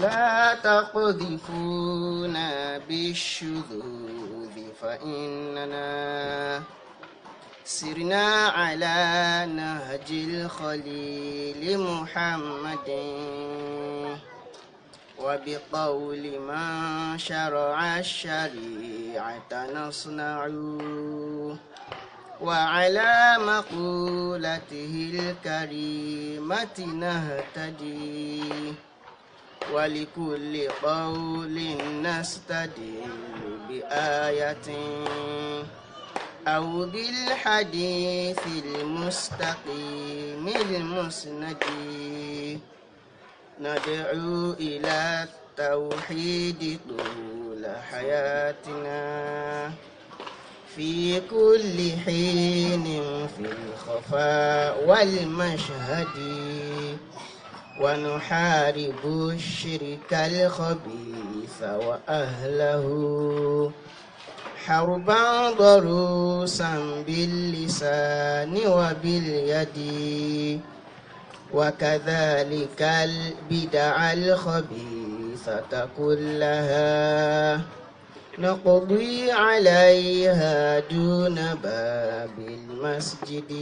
لا تقذفونا بالشذوذ فإننا سرنا على نهج الخليل محمد وبقول من شرع الشريعة نصنع وعلى مقولته الكريمة نهتدي ولكل قول نستدل بآية أو بالحديث المستقيم المسند ندعو إلى التوحيد طول حياتنا في كل حين في الخفاء والمشهد ونحارب الشرك الخبيث وأهله حربا ضروسا باللسان وباليد وكذلك البدع الخبيثة كلها نقضي عليها دون باب المسجد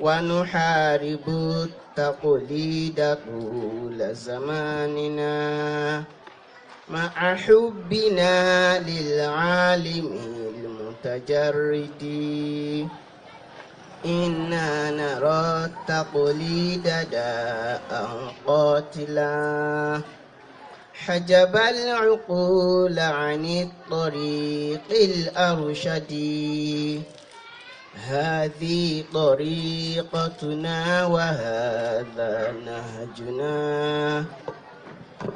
ونحارب التقليد طول زماننا مع حبنا للعالم المتجرد إنا نرى التقليد داء قاتلا حجب العقول عن الطريق الأرشد هذه طريقتنا وهذا نهجنا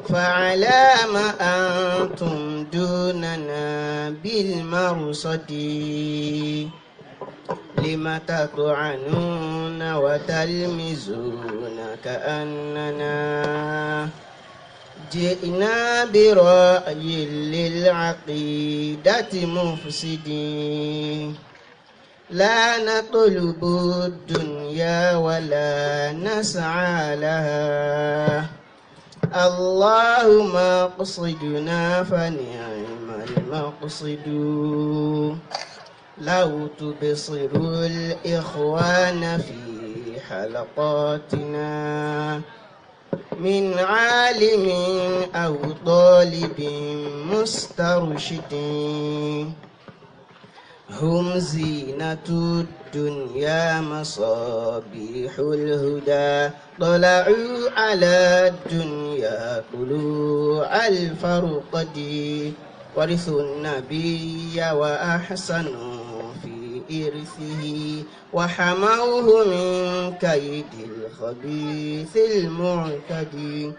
فعلام أنتم دوننا بالمرصد لم تطعنون وتلمزون كأننا جئنا برأي للعقيدة مفسدين لا نطلب الدنيا ولا نسعى لها اللهم اقصدنا فنعم المقصد لو تبصر الإخوان في حلقاتنا من عالم أو طالب مسترشد هم زينة الدنيا مصابيح الهدى طلعوا على الدنيا كلوا الفرقد ورثوا النبي وأحسنوا في إرثه وحموه من كيد الخبيث المعتدي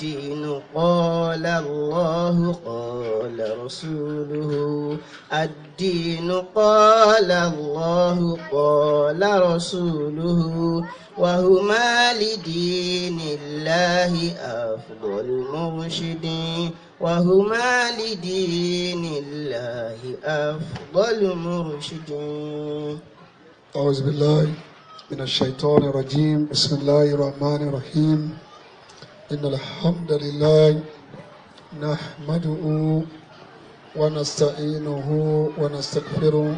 الدين قال الله قال رسوله الدين قال الله قال رسوله وهما لدين الله أفضل مرشدين وهما لدين الله أفضل مرشدين أعوذ بالله من الشيطان الرجيم بسم الله الرحمن الرحيم إن الحمد لله نحمده ونستعينه ونستغفره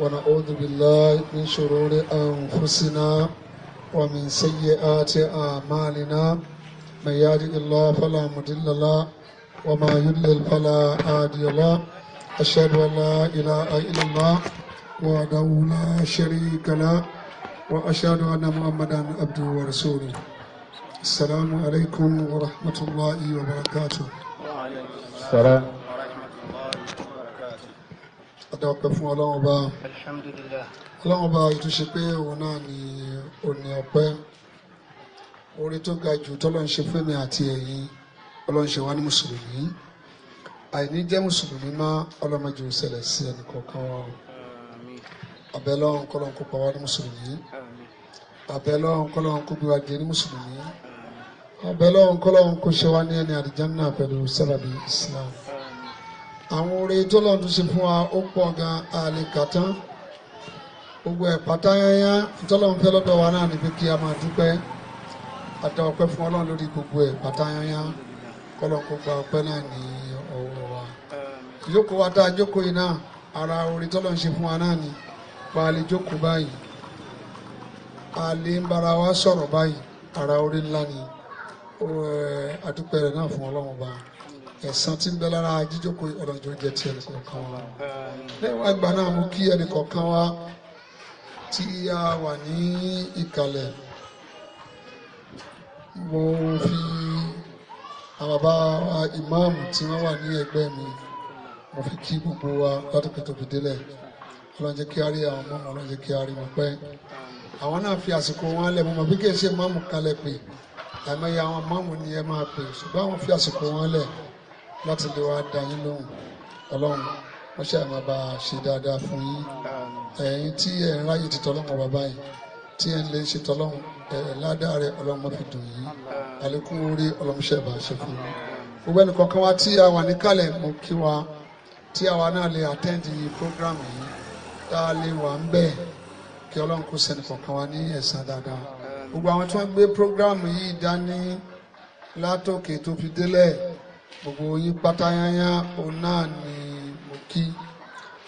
ونعوذ بالله من شرور أنفسنا ومن سيئات أعمالنا من يهد الله فلا مضل له وما يضلل فلا هادي له أشهد أن لا إله إلا الله وحده لا شريك له وأشهد أن محمدا عبده ورسوله السلام عليكم ورحمة الله وبركاته وعليكم السلام ورحمة الله وبركاته أدعوكم فún ọlọ́run ọba ọlọ́run ọba ètò ṣe pé òun náà ni òní ọpẹ́ orí tó ga jù tọ́lọ́ ń ṣe fẹ́mi àti ẹ̀yin ọlọ́run ṣe wá ní mùsùlùmí àìní jẹ́ mùsùlùmí má ọlọ́mọdé ò ṣẹlẹ̀ sí ẹnì kọ̀ọ̀kan wa abẹ́lọ́run kọ́lọ́run kó pa wá ní mùsùlùmí abẹ́lọ́run kọ́lọ́run kó gbé wa jẹ ní mùsùlùmí abẹ́lẹ́ ọ̀nkọ́lọ́hún kò ṣe wá ní ẹni àdìjánná pẹ̀lú sábàbí Islam àwọn oore tó lọ́n tún ṣe fún wa ó pọ̀ gan àlekàtán gbogbo ẹ̀ pátáyáyá ìtọ́lọ́hún fẹ́ lọ́dọ̀ wa náà ní pé kí a máa dúpẹ́ àtà ọpẹ́ fún ọlọ́run lórí gbogbo ẹ̀ pátáyáyá kọ́lọ́n kó gba ọpẹ́ náà ní ọwọ́ wa ìjókòó wa tá a jókòó yìí náà ara oore tọ́lọ́hún ṣe fún wa náà ni pa àlè jókòó báyìí àlè ń bara wa sọ̀rọ̀ báyìí ara oore ńlá ni àdúpẹ́ rẹ̀ náà fún ọlọ́run ọba ẹ̀san tí ń bẹ lára jíjókòó ọlọ́jọ́ jẹ́ ti ẹnì kọ̀ọ̀kan wa lẹ́yìn wá gbà náà mú kí ẹnì kọ̀ọ̀kan wa tí a wà ní ìkàlẹ̀ mo fi àwọn bàbá ìmáàmù tí wọ́n wà ní ẹgbẹ́ mi mo fi kí gbogbo wa látòkè tó fi délẹ̀ ọlọ́jẹ́ kí á rí àwọn mọ́mọ́ ọlọ́jẹ́ kí á rí wọn pẹ́ àwọn náà fi àsìkò wọn lẹ̀ mọ́mọ́ bí kì í ṣe máàmù kalẹ̀ pé àìmọye àwọn mọ́mù ni ẹ máa pè ṣùgbọ́n àwọn fi àsìkò wọn lẹ̀ láti lè wá dá yín lóhùn ọlọ́run wọ́n ṣe àmà bá a ṣe dáadáa fún yín ẹ̀yin tí ẹ̀ ń ráyè ti tọ́lọ́mọ bàbá yìí tí ẹ̀ ń lè ṣe tọ́lọ́mọ ẹ̀ ládàá rẹ ọlọ́run má fi dùn yín àlékún orí ọlọ́run ṣe bá a ṣe fún yín gbogbo ẹnì kọ̀ọ̀kan wa tí a wà níkàlẹ̀ mo kí wa tí àwa náà lè attend program yìí tá a lè wà ń bẹ̀ kí ọlọ́run kó sẹ́nì kọ̀ọ̀kan wa ní ẹ̀san dáadáa gbogbo àwọn tí wọ́n gbé programu yìí dání látòkè tó fi délẹ̀ gbogbo yín pátáyáyá òun náà ni mo kí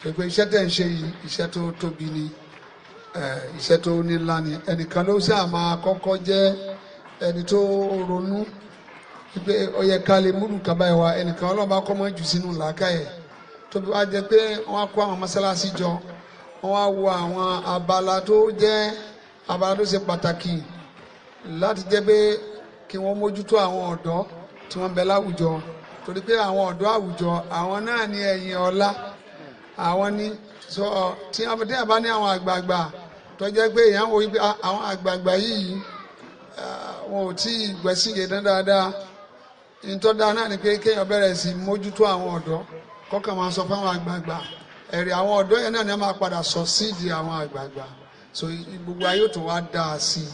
pẹ̀pẹ́ iṣẹ́ tẹ̀ ń ṣe yìí iṣẹ́ tó tóbi ni iṣẹ́ tó nílá ni ẹnìkan ló sáà máa kọ́kọ́ jẹ́ ẹni tó ronú pé ó yẹ ká lè múlù kaba ẹ̀ ẹnìkan ọlọ́ba kọ́ jù sínú làákà tóbi wá jẹ pé wọ́n kó àwọn mọ́sálásí jọ wọ́n á wo àwọn abala tó jẹ́ abala tó ṣe pàtàkì láti jẹ́ pé kí wọ́n mójútó àwọn ọ̀dọ́ tí wọ́n bẹ láwùjọ torí pé àwọn ọ̀dọ́ àwùjọ àwọn náà ní ẹ̀yìn ọ̀la àwọn ní sọ tí wọ́n bá ní àwọn àgbààgbà tó jẹ́ pé èèyàn wo wípé ah, àwọn àgbààgbà yìí ah, wọn ò tí ì gbẹ̀sìn dán dáadáa ìtọ́da náà ni pé kéèyàn bẹ̀rẹ̀ sí mójútó àwọn ọ̀dọ́ kọ́kàn máa sọ fún àwọn àgbààgbà ẹ̀rí àwọn ọ̀dọ́ yẹn náà ni wọ́n máa padà sọ sídìí àwọn àgbààgbà so gbogbo ayé tó wá dá a sí i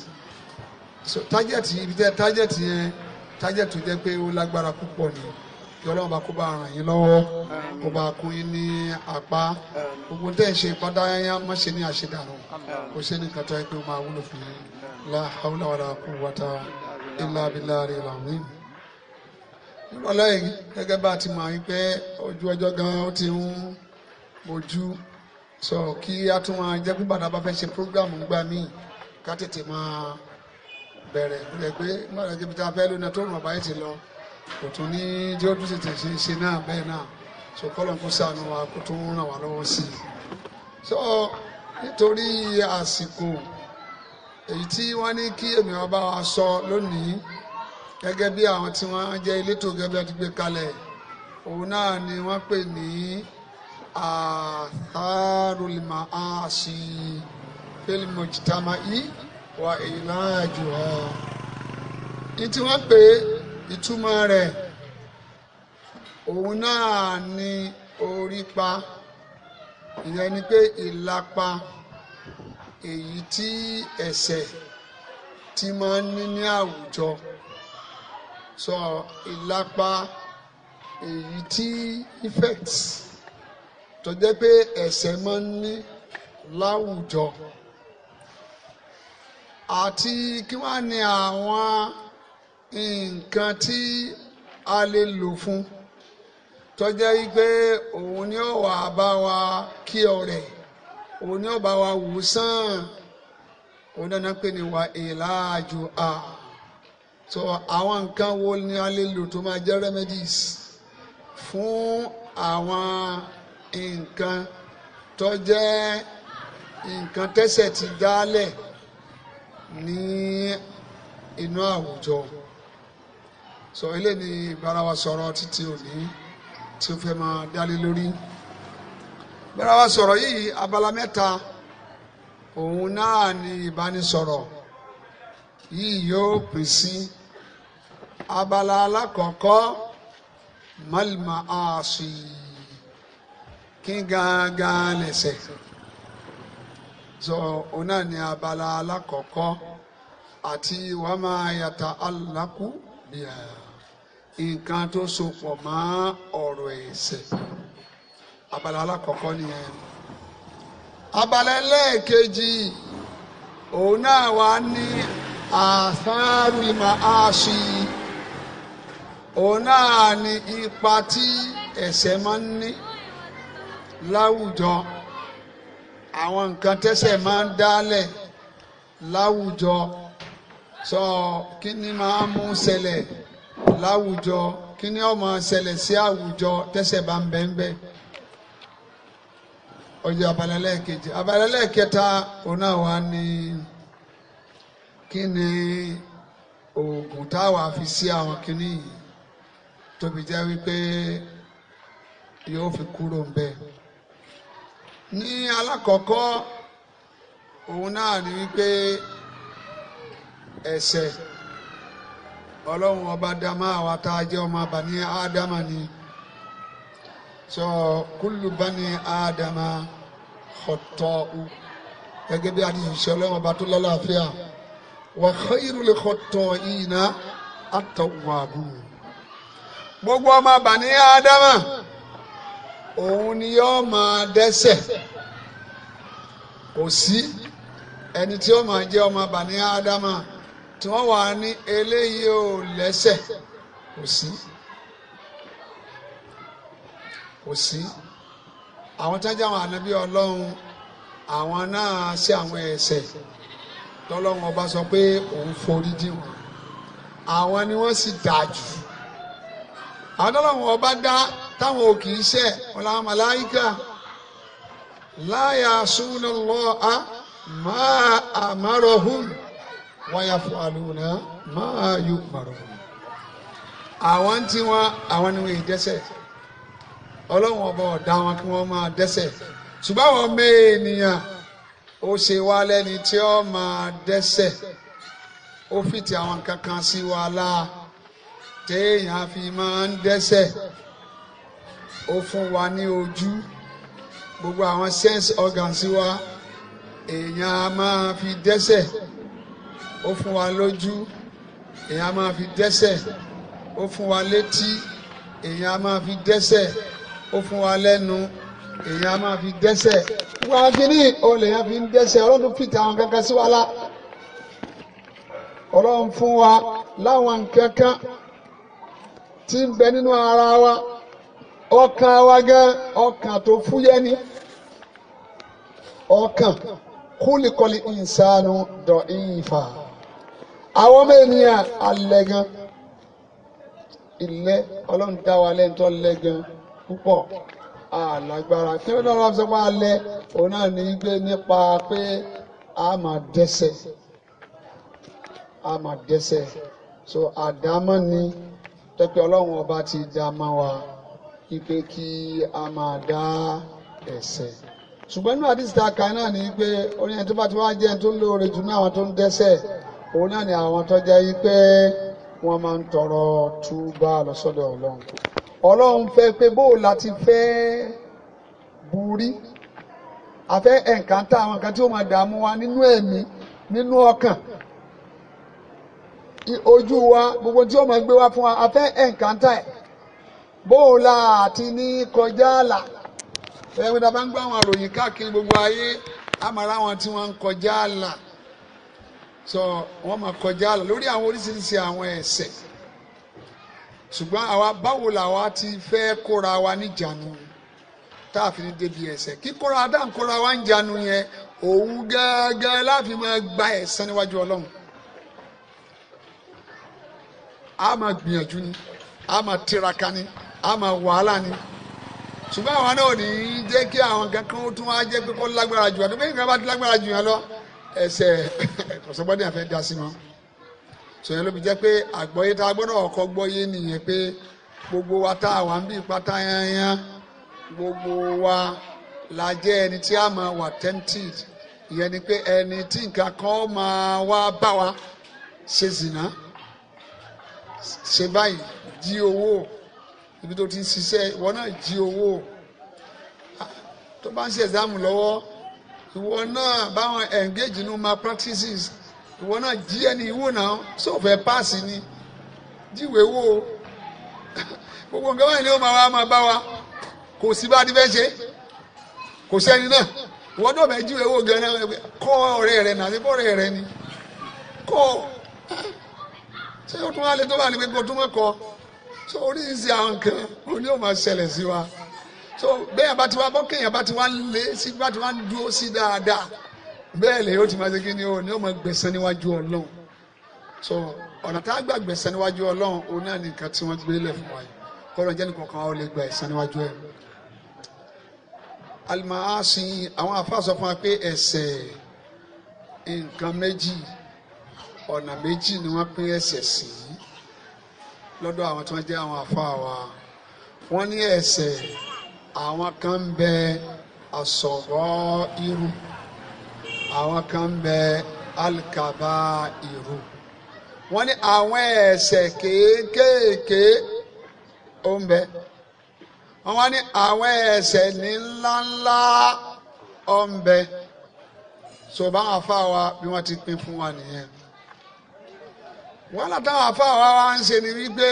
so target, ibi tẹ́ tájẹ̀tì yẹn tájẹ̀tì tó jẹ́ pé ó lágbára púpọ̀ ni kí ọlọ́run bá kó bá ràn yín lọ́wọ́ kó bá kún yín ní apá gbogbo tẹ́ ń ṣe pátáyáyá má ṣe ní àṣedànù kò ṣe ní kàtà pé ó máa wúlò fún yín la hawla wala quwwata illa billahi al-azim nírọ̀lẹ́ gẹ́gẹ́ bá a ti mọ̀ wípé ojú ọjọ́ gan ó ti ń mojú so kí a tún máa jẹ́ pípa náà bá fẹ́ ṣe program gbà míì ká tètè máa bẹ̀rẹ̀ rẹ̀ pé nígbà tó jẹ́ pé tá a fẹ́ lónìí tó rùn àbáyé ti lọ kò tún ní jẹ́ ojú tètè ṣe ṣe náà bẹ́ẹ̀ náà so kọ́lọ̀ kó sànù wa kó tún ràn wá lọ́wọ́ sí i so nítorí àsìkò èyí tí wọ́n ní kí èmi ọba wa sọ lónìí gẹ́gẹ́ bí àwọn tí wọ́n jẹ́ elétò gẹ́gẹ́ bí wọ́n ti gbé kalẹ̀ òun náà ni wọ́n pè ní atharul ma'asi fil mujtama'i wa ilajuha ní tí wọ́n pè ìtumọ̀ rẹ̀ òun náà ni orí pa ìyẹn ni pé ìlapa èyí tí ẹ̀ṣẹ̀ ti máa ń ní ní àwùjọ sọ ìlapa èyí tí effects tó jẹ́ pé ẹ̀ṣẹ̀ máa ń ní láwùjọ àti kí wá ní àwọn nǹkan tí a lè lò fún tó jẹ́ wípé òun ni ó wà bá wa kí ọ̀rẹ́ òun ni ó bá wa wò sàn òun dáná pé ni wà èèláàjò a so àwọn nǹkan wo ni a lè lò tó máa jẹ́ remedies fún àwọn nǹkan tó jẹ́ nǹkan tẹ́sẹ̀ ti dálẹ̀ ní inú àwùjọ sọ ilé ní ìbárawa sọ̀rọ̀ títí òní tí ó fẹ́ máa dálé lórí ìbárawa sọ̀rọ̀ yìí abala mẹ́ta òun náà ni ìbánisọ̀rọ̀ yìí yóò pín sí abala alákọ̀ọ́kọ́ malma aasi kí gángan lẹ̀ṣẹ̀ so òun náà ni abala alákọ̀ọ́kọ́ àti wà máa yàtà alákù bíà nǹkan tó sopọ̀ mọ́ ọ̀rọ̀ ẹ̀ṣẹ̀ abala alákọ̀ọ́kọ́ nìyẹn e. abala ẹlẹ́ẹ̀kejì òun náà wà ní àsáàrì màáṣì òun náà ní ipa tí ẹ̀ṣẹ̀ máa ń láwùjọ àwọn nǹkan tẹ́sẹ̀ máa ń dálẹ̀ láwùjọ sọ kí ni máa mú ṣẹlẹ̀ láwùjọ kí ni ó máa ṣẹlẹ̀ sí àwùjọ tẹ́sẹ̀ bá ń bẹ́ńbẹ́ ọjọ́ abalẹ́lẹ́ kejì abalẹ́lẹ́ kẹta òun náà wà ní kí ni oògùn táwa fi sí àwọn kinní yìí tóbi jẹ́ wípé yóò fi kúrò ń bẹ́ẹ̀ ní alákọ̀ọ́kọ́ òun náà ni wípé ẹ̀ṣẹ̀ ọlọ́run ọba dama àwa tá a jẹ́ ọmọ bani ádámà ni sọ kúlù bani ádámà ọ̀tọ̀ gẹ́gẹ́ bí adìyẹ ìṣẹ́ ọlọ́run ọba tó lọ́láàfíà wà khairul khata'ina at-tawwabun gbogbo ọmọ bani ádámà òun ni yóò máa dẹ́ṣẹ̀ kò sí ẹni tí ó máa jẹ́ ọmọ bàní ádámà tí wọ́n wà ní eléyìí ò lẹ́ṣẹ̀ kò sí kò sí àwọn tí wọ́n jẹ́ àwọn ànábí ọlọ́run àwọn náà ṣe àwọn ẹ̀ṣẹ̀ tọ́lọ́run ọba sọ pé òun forí dì wọ́n àwọn ni wọ́n sì dájú àwọn tọ́lọ́run ọba dá táwọn ò kì í ṣẹ̀ wọn làwọn màláìkà láyà súnà lọ́ọ̀á máa àmárọ̀hún wáyà fún àlùmọ́nà máa yù màrọ̀hún. àwọn tí wọn àwọn ni wọn yìí dẹ́ṣẹ̀ ọlọ́run ọba ọ̀dá wọn kí wọ́n máa dẹ́ṣẹ̀ ṣùgbọ́n àwọn ọmọ ènìyàn ó ṣe wá lẹ́ni tí ó máa dẹ́ṣẹ̀ ó fìtì àwọn kankan sí wa láà téèyàn fi máa ń dẹ́ṣẹ̀ ó fún wa ní ojú gbogbo àwọn sense organs wa èèyàn a máa fi dẹ́sẹ̀ ó fún wa lójú èèyàn a máa fi dẹ́sẹ̀ ó fún wa létí èèyàn a máa fi dẹ́sẹ̀ ó fún wa lẹ́nu èèyàn a máa fi dẹ́sẹ̀ gbogbo àwọn kìíní olè yẹn fi ń dẹ́sẹ̀ ọlọ́run pìtà àwọn kankan sí wa la ọlọ́run fún wa láwọn kankan tí ń bẹ nínú ara wa ọkàn wa gan ọkàn tó fúyẹ́ ni ọkàn kúlìkọlì ìsànù dọ̀ ìfà àwọn ọmọ ènìyàn alẹ́ gan ilẹ̀ ọlọ́run dá wa lẹ́ńtọ́ lẹ́gan púpọ̀ alágbára kí ló dára sọ pé alẹ́ òun náà ní gbé nípa pé a máa dẹ́ṣẹ̀ a máa dẹ́ṣẹ̀ so àdámọ́ ni tẹ́pẹ́ ọlọ́run ọba ti dá mọ́ wa ipe kí a máa dá ẹ̀ṣẹ̀ ṣùgbọ́n nínú àdìsí kan náà ni pé orí ẹni tó bá ti wá jẹ́ ẹni tó lóore jù ní àwọn tó ń dẹ́ṣẹ̀ òun náà ni àwọn tó jẹ́ yí pé wọ́n máa ń tọrọ túbà lọ́sọ́dọ̀ ọlọ́run ọlọ́run fẹ́ pé bó la ti fẹ́ burí àfẹ́ ẹ̀ǹkántà àwọn nǹkan tí ó máa dààmú wa nínú ẹ̀mí nínú ọkàn ojú wa gbogbo tí ó máa gbé wa fún wa àfẹ́ ẹ̀ǹkántà ẹ̀ bóòlà àti ní kọjá àlà ẹ̀wọ̀n tá a bá ń gbọ́ àwọn àròyìn káàkiri gbogbo ayé àmàrà àwọn tí wọ́n ń kọjá àlà sọ wọ́n máa kọjá àlà lórí àwọn oríṣiríṣi àwọn ẹ̀ṣẹ̀ ṣùgbọ́n àwa báwo làwa ti fẹ́ kóra wa níjànú tá a fi ní débi ẹ̀ṣẹ̀ kíkóra dáńkóra wa ń jànú yẹn òun gẹ́gẹ́ láfi máa gba ẹ̀san níwájú ọlọ́run a máa gbìyànjú ni a máa tiraka ni a máa wàhálà ni ṣùgbọ́n àwọn náà ní í jẹ́ kí àwọn kankan ó tún wá jẹ́ pé kó lágbára jù àdúgbò nǹkan bá ti lágbára jù yẹn lọ ẹsẹ̀ kọ̀sọ́gbọ́dé àfẹ́ da sí wọn sọ̀rọ̀ ló fi jẹ́ pé àgbọ́yé tá a gbọ́dọ̀ ọkọ̀ gbọ́yé nìyẹn pé gbogbo wa tá a wà ń bí pátá yányán gbogbo wa la jẹ́ ẹni tí a máa wà tempted ìyẹn ni pé ẹni tí nǹkan kan máa wá bá wa ṣe zìnà ṣe báyìí jí owó ibi tó ti ń ṣiṣẹ́ ìwọ náà jí owó tó bá ń ṣe ẹ̀sáàmù lọ́wọ́ ìwọ náà báwọn engage nínú ma practices ìwọ náà jí ẹni ìwò náà sófẹ́ páàsì ni jíwèé wò ó gbogbo nǹkan báyìí ni ó máa wá máa bá wa kò sí bá a ti fẹ́ ṣe kò sẹ́ni náà ìwọ náà bẹ́ẹ̀ jíwèé wò gan náà kọ́ ọ̀rẹ́ rẹ náà àti bọ́ọ̀rẹ́ rẹ ni kọ́ ṣé o tún wá lè tó bá ní pé kó o tún mọ̀ kọ́ so oríṣiríṣi àwọn nǹkan òní ò máa ṣẹlẹ̀ sí wa so bẹ́ẹ̀ bá ti wá bọ́ kéèyàn bá ti wá lé sí bá ti wá dúró sí dáadáa bẹ́ẹ̀ lè yóò ti máa ṣe kí ni o ní o máa gbẹ̀sẹ̀ níwájú ọlọ́run so ọ̀nà tá a gbà gbẹ̀sẹ̀ níwájú ọlọ́run òun náà ní nǹkan tí wọ́n ti gbé lẹ̀ fún wa yìí kọ́lọ̀ jẹ́ nìkan ó lè gba ẹ̀sẹ̀ níwájú ẹ̀. alimaasi àwọn afa sọ fún wa pé ẹ̀ṣẹ̀ nǹkan méjì ọ̀nà méjì ni wọ́n pín ẹ̀ṣẹ̀ sí lọ́dọ̀ àwọn tí wọ́n jẹ́ àwọn àfa wa wọ́n ní ẹ̀ṣẹ̀ àwọn kan ń bẹ asọ̀rọ̀ irú àwọn kan ń bẹ alikaba irú wọ́n ní àwọn ẹ̀ṣẹ̀ kéékèèké ó ń bẹ wọ́n ní àwọn ẹ̀ṣẹ̀ ní ńláńlá ó ń bẹ so báwọn àfa wa bí wọ́n ti pín fún wa nìyẹn wọn látàwọn afáwa wa ń ṣe ni wípé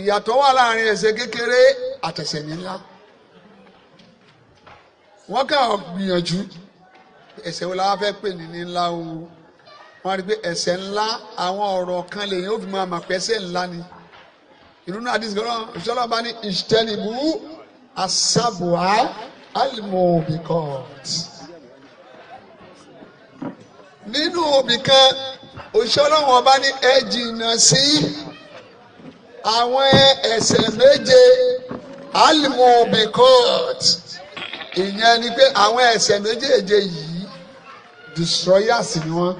ìyàtọ̀ wà láàrin ẹ̀ṣẹ̀ kékeré àtẹ̀ṣẹ̀ ńlá wọ́n kà gbìyànjú ẹ̀ṣẹ̀ wo la wá fẹ́ pè ní ńlá o wọ́n rí i pé ẹ̀ṣẹ̀ ńlá àwọn ọ̀rọ̀ kan lèyìn ó fi máa mà pẹ́ṣẹ̀ ńlá ni ìlú náà àdìsí gbọ́dọ̀ ìṣọ́lá bá ní ìṣtẹ́nìbù asábùá alimobikọ́t nínú obìkan òṣìṣẹ́ ọlọ́run ọba ní ẹ jìnnà sí àwọn ẹsẹ̀ méje alimobekot ìyẹn ni pé àwọn ẹsẹ̀ méjèèje yìí destroyers ni wọ́n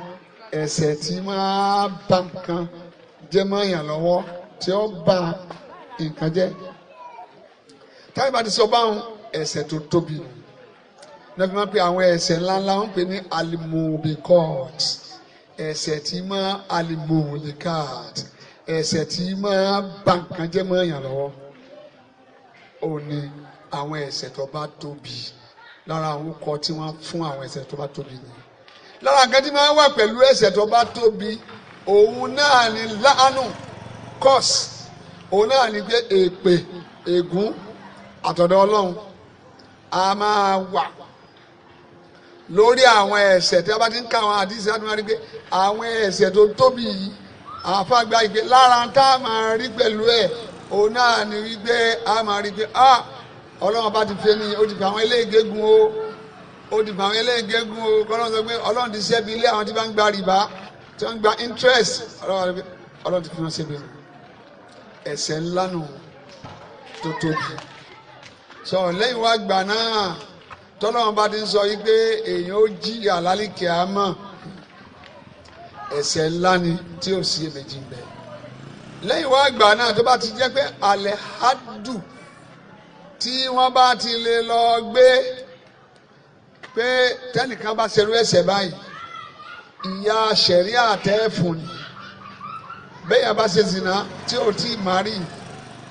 ẹsẹ̀ tí máa bá nǹkan jẹ́ mọ́yàn lọ́wọ́ tí ó bá nǹkan jẹ́ táyì bá ti sọ báwọn ẹsẹ̀ tó tóbi náà fi máa pe àwọn ẹsẹ̀ ńláńlá ń pè ní alimobekot ẹ̀ṣẹ̀ tí máa alimọ̀ọ́lẹ́kàt ẹ̀ṣẹ̀ tí máa ba nǹkan jẹ́ máa yàn lọ́wọ́ ó ní àwọn ẹ̀ṣẹ̀ tó bá tóbi lára àwọn kọ tí wọ́n fún àwọn ẹ̀ṣẹ̀ tó bá tóbi ni lára nǹkan tí máa wà pẹ̀lú ẹ̀ṣẹ̀ tó bá tóbi òun náà ni láàánú curse òun náà ni pé èpè ègún àtọ̀dọ̀ ọlọ́run a máa wà lórí àwọn ẹ̀ṣẹ̀ tí a bá ti ń ka àwọn àdìsí àti máa rí pé àwọn ẹ̀ṣẹ̀ tó tóbi yìí àfàgbà ìgbé lára tá a máa rí pẹ̀lú ẹ̀ òun náà ni wípé a máa rí pé a ọlọ́run bá ti fẹ́ ni ó ti fẹ́ àwọn eléyìígégun o ó ti fẹ́ àwọn eléyìígégun o kọ́lọ́run sọ pé ọlọ́run ti ṣẹ́bi ilé àwọn tí bá ń gba rìbá tí wọ́n ń gba interest ọlọ́run ti fi wọn ṣẹ́bi ẹ̀ṣẹ̀ ńlá nù tó tóbi sọ lẹ́yìn wá gbà náà tọ́lọ́run bá ti ń sọ yìí pé èèyàn ó jìyà lálìkẹ́ àmọ́ ẹ̀ṣẹ̀ ńlá ni tí ò sí èméjì ń bẹ lẹ́yìn wá àgbà náà tó bá ti jẹ́ pé alẹ́ hádù tí wọ́n bá ti lè lọ gbé pé tẹ́nìkan bá ṣerú ẹ̀ṣẹ̀ báyìí ìyá ṣẹ̀ríà tẹ́ fún ni bẹ́ẹ̀ bá ṣe zina tí ò tí ì má rí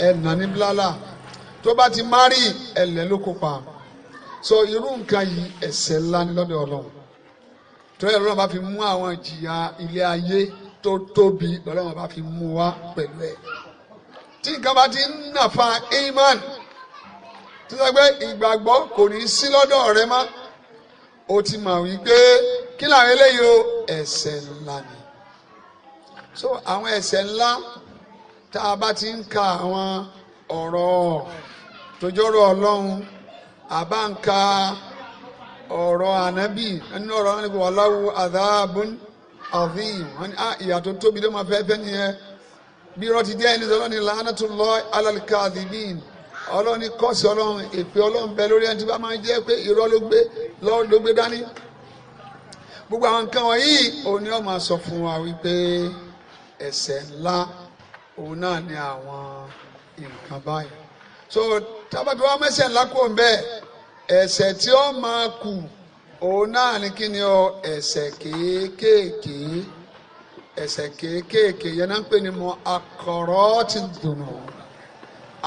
ẹ̀ nà ní bílálà tó bá ti má rí ẹ̀ lẹ́ ló kópa so irú nǹkan yìí ẹ̀ṣẹ̀ ńlá ní lọ́dọ̀ ọlọ́run torí ẹ̀rọ náà bá fi mú àwọn ìjìyà ilé ayé tó tóbi lọ́lọ́run bá fi mú wá pẹ̀lú ẹ̀ tí nǹkan bá ti ń nàfa iman tó sọ pé ìgbàgbọ́ kò ní sí lọ́dọ̀ rẹ mọ́ o ti mọ̀ wípé kí làwọn eléyìí o ẹ̀ṣẹ̀ ńlá ni so àwọn ẹ̀ṣẹ̀ ńlá tá a bá ti ń ka àwọn ọ̀rọ̀ tójọ́rọ̀ ọlọ́run Abanka ọ̀rọ̀ ànábì ẹni ọ̀rọ̀ wọn ni kò wàláwo àdáàbùn azim wọn ni ah, ìyà tó tóbi ló máa fẹ́ nìyẹn bí irọ́ ti ẹni sọ́lọ́ ni la'natullahi alal kadhibin ọlọ́run ní kọ́ọ̀sì ọlọ́run èpè ọlọ́run bẹ lórí ẹni tí bá máa ń jẹ́ pé irọ́ ló gbé ló gbé dání gbogbo àwọn nǹkan wọ̀nyí òun ni wọ́n máa sọ fún wa wípé ẹ̀ṣẹ̀ ńlá òun náà ni àwọn nǹkan báyìí so tábàbí wa mẹ́sẹ̀ ńlá kò ń bẹ́ẹ̀ ẹ̀ṣẹ̀ tí ó máa kù òun náà ni kí ni ọ ẹ̀ṣẹ̀ kéékèèké ẹ̀ṣẹ̀ kéékèèké yẹn náà ń pè ní mo akọ̀rọ̀ ti dùnú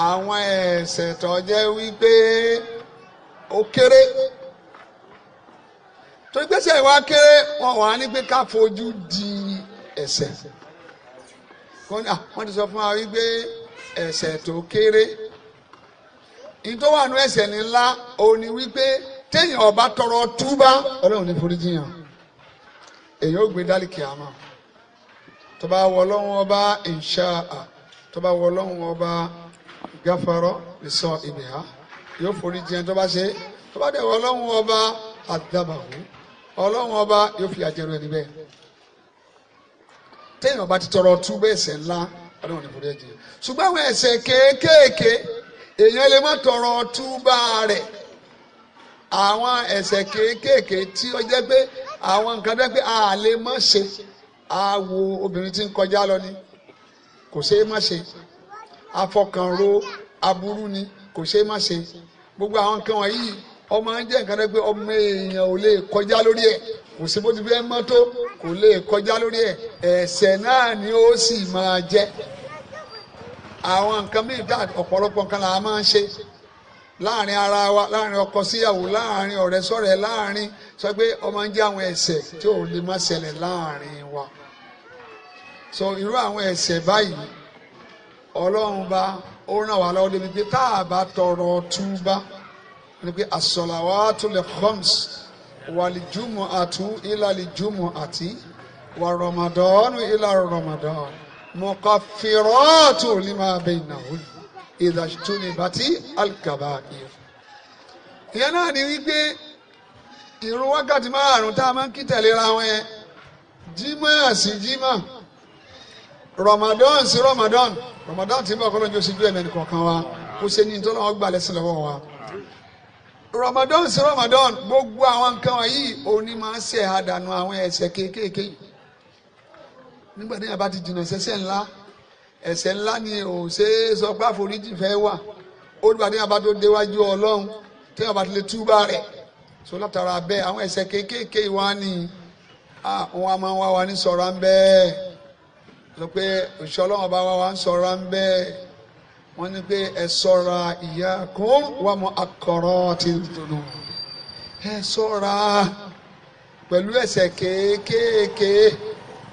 àwọn ẹ̀ṣẹ̀ tó jẹ́ wípé ó kéré tó gbèsè wa kéré wọn wà ní pé ká fojú di ẹ̀ṣẹ̀ ah, wọ́n ti sọ fún wa wípé ẹ̀ṣẹ̀ tó kéré ìtọ́ wà nù ẹ̀ṣẹ̀ ní ńlá òun ni wípé téèyàn ọba tọrọ túbá ọlọ́run ní foríjìyàn èyàn ó gbé dálìkì àmọ́ tó bá wọ ọlọ́run ọba ìṣáà tó bá wọ ọlọ́run ọba gáfarọ́ ìsọ ìbìhá yóò foríjìyàn tó ṣe tó dẹ̀ wọ ọlọ́run ọba àdàbàwò ọlọ́run ọba yóò fi àjẹrò ẹni bẹ́ẹ̀ téèyàn ọba ti tọrọ túbá ẹ̀ṣẹ̀ ńlá ọlọ́run ní foríjìyàn ṣùgbọ́n àwọn ẹ̀ṣẹ̀ kéékèèké èèyàn lè má tọrọ túbà rẹ̀ àwọn ẹ̀ṣẹ̀ kéékèèké tí ó jẹ́ pé àwọn nǹkan tó jẹ́ pé a lè má ṣe a wo obìnrin tí ń kọjá lọ ni kò ṣeé má ṣe afọkànró aburú ni kò ṣeé má ṣe gbogbo àwọn nǹkan wọ̀nyí ọmọ ń jẹ́ nǹkan tó pé ọmọ èèyàn ò lè kọjá lórí ẹ̀ kò sí bó ti fẹ́ mọ́tò kò lè kọjá lórí ẹ̀ ẹ̀ṣẹ̀ náà ni ó sì máa jẹ́ àwọn nǹkan míì dá ọ̀pọ̀lọpọ̀ nǹkan là á máa ń ṣe láàrin ara wa láàrin ọkọ síyàwó láàrin ọ̀rẹ́ sọ̀rẹ́ láàrin sọ pé ọmọ ń jẹ́ àwọn ẹ̀ṣẹ̀ tí ò lè má ṣẹlẹ̀ láàrin wa so irú àwọn ẹ̀ṣẹ̀ báyìí ọlọ́run bá ó ràn wá lọ́wọ́ débi pé tá a bá tọrọ túbá ni pé as-salawatul khams wal-jumu'atu ila al-jumu'ati wa Ramadanu ila Ramadan mọ̀kàfìrọ́ọ̀tù lima bẹ̀yìnàwó ìdàtúnibàtì alkabair. ìyẹn náà ni wípé ìrun wákàtí márùn tá a máa ń kí tẹ̀léra wọn yẹn jímọ̀ sí jímọ̀ ramadan sí ramadan ramadan tí ń bọ̀ kọ́ lóun yóò ṣe ju ẹ̀mẹ́ni kọ̀ọ̀kan wa kó ṣe ní tó lọ́wọ́ gbà lẹ́sìn lọ́wọ́ wa ramadan sí ramadan gbogbo àwọn nǹkan wọ̀nyí òun ni máa ń ṣe àdànù àwọn ẹ̀ṣẹ̀ kéékèèké yìí nígbà tí yàrá ti jìnnà sẹ́sẹ̀ ńlá ẹ̀ṣẹ̀ ńlá ni ò ṣe é sọ pé àforíjì fẹ́ wà ó nígbà tí yàrá tó déwájú ọlọ́run tí yàrá ti lè túbà rẹ̀ so látara bẹ́ẹ̀ àwọn ẹ̀ṣẹ̀ kéékèèké wa ni wọn a máa wá wa ní sọ̀rọ̀ à ń bẹ́ẹ̀ sọ pé òṣìṣẹ́ ọlọ́run bá wá wa ń sọ̀rọ̀ à ń bẹ́ẹ̀ wọ́n ní pé ẹ sọ́ra ìyá kún wà mọ́ akọ̀rọ̀ tí tòlù ẹ sọ́ra pẹ̀lú ẹ̀ṣẹ̀ kéékèèké.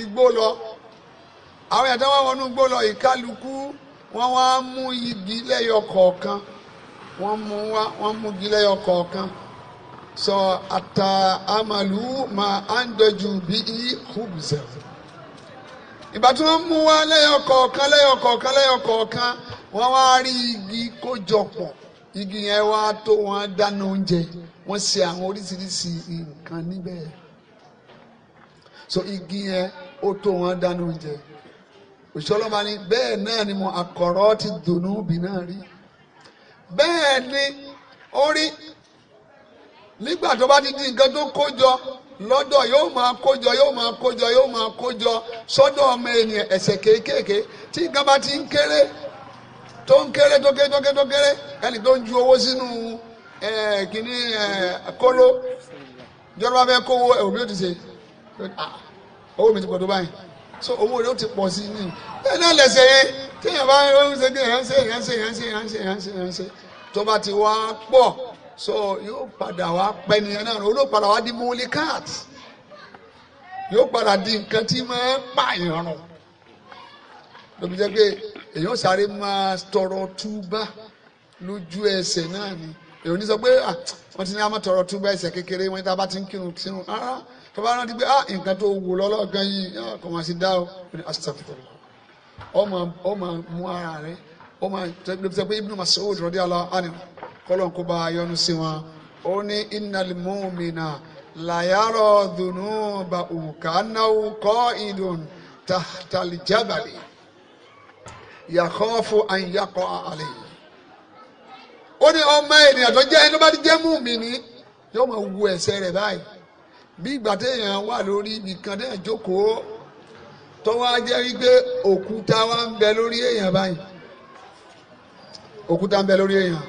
igbó lọ àwọn èèyàn tó wá wọnú igbó lọ ìkálukú wọ́n wá mú igi lẹ́yọ kọ̀ọ̀kan wọ́n mú wá wọ́n mú igi lẹ́yọ kọ̀ọ̀kan sọ ata amalu ma andoju bi i hubzẹ ìgbà tí wọ́n mú wá lẹ́yọ kọ̀ọ̀kan lẹ́yọ kọ̀ọ̀kan lẹ́yọ kọ̀ọ̀kan wọ́n wá rí igi kójọpọ̀ igi yẹn wá tó wọ́n dáná oúnjẹ wọ́n ṣe àwọn oríṣiríṣi nǹkan níbẹ̀ so igi yẹn ó tó wọn dánú jẹ òṣìṣọ́lọ́mà ni bẹ́ẹ̀ náà ni mo àkọ̀rọ̀ ti dùnú bì náà rí bẹ́ẹ̀ ni ó rí nígbà tó bá ti di nǹkan tó kó jọ lọ́dọ̀ yóò máa kójọ yóò máa kójọ yóò máa kójọ sọ́dọ̀ ọmọ ènìyàn ẹ̀ṣẹ̀ kéékèèké tí nǹkan bá ti ń kéré tó ń kéré tó kéré tó kéré tó kéré ẹni tó ń ju owó sínú kínní kóló jọba bẹ kówó ẹ̀ òbí ò ti ṣe Ah, owó mi ti pọ̀ tó báyìí so owó rẹ̀ ó ti pọ̀ sí ní bẹ́ẹ̀ náà lẹ́sẹ̀ yẹn téèyàn bá ń ṣe kí èèyàn ṣe èèyàn ṣe èèyàn ṣe èèyàn ṣe èèyàn ṣe èèyàn ṣe tó bá ti wá pọ̀ so yóò padà wá pẹ́ nìyẹn náà ó ló padà wá di múlí káàtì yóò padà di nǹkan tí máa ń pààyàn rùn lóbi jẹ́ pé èèyàn sáré máa tọrọ túbá lójú ẹsẹ̀ náà ni èèyàn ní sọ pé ah, wọ́n ti ní a tọrọ túbá ẹsẹ̀ kékeré wọ́n ní tá a bá ti ń kírun sínú rárá tó bá rántí pé ah nǹkan tó wù lọ́lọ́gán yìí ah kò máa ṣe dá o ní astagfirullah ọmọ ọmọ mú ara rẹ ọmọ tẹgbẹ́ pé Ibn Mas'ud radiyallahu anhu kọ́lọ́n kó bá a yọnu sí wọn ó ní innal mu'mina la yara dhunuba ka'annahu qa'idun tahtal jabali yakhafu an yaqa'a alayhi ó ní ọmọ ènìyàn tó jẹ́ ẹni tó bá ti jẹ́ mú yóò máa wu ẹ̀ṣẹ̀ rẹ̀ báyìí bí ìgbà téèyàn wà lórí ibì kan téèyàn jókòó tó wá jẹ́ wípé òkúta wá ń bẹ lórí èèyàn báyìí òkúta ń bẹ lórí èèyàn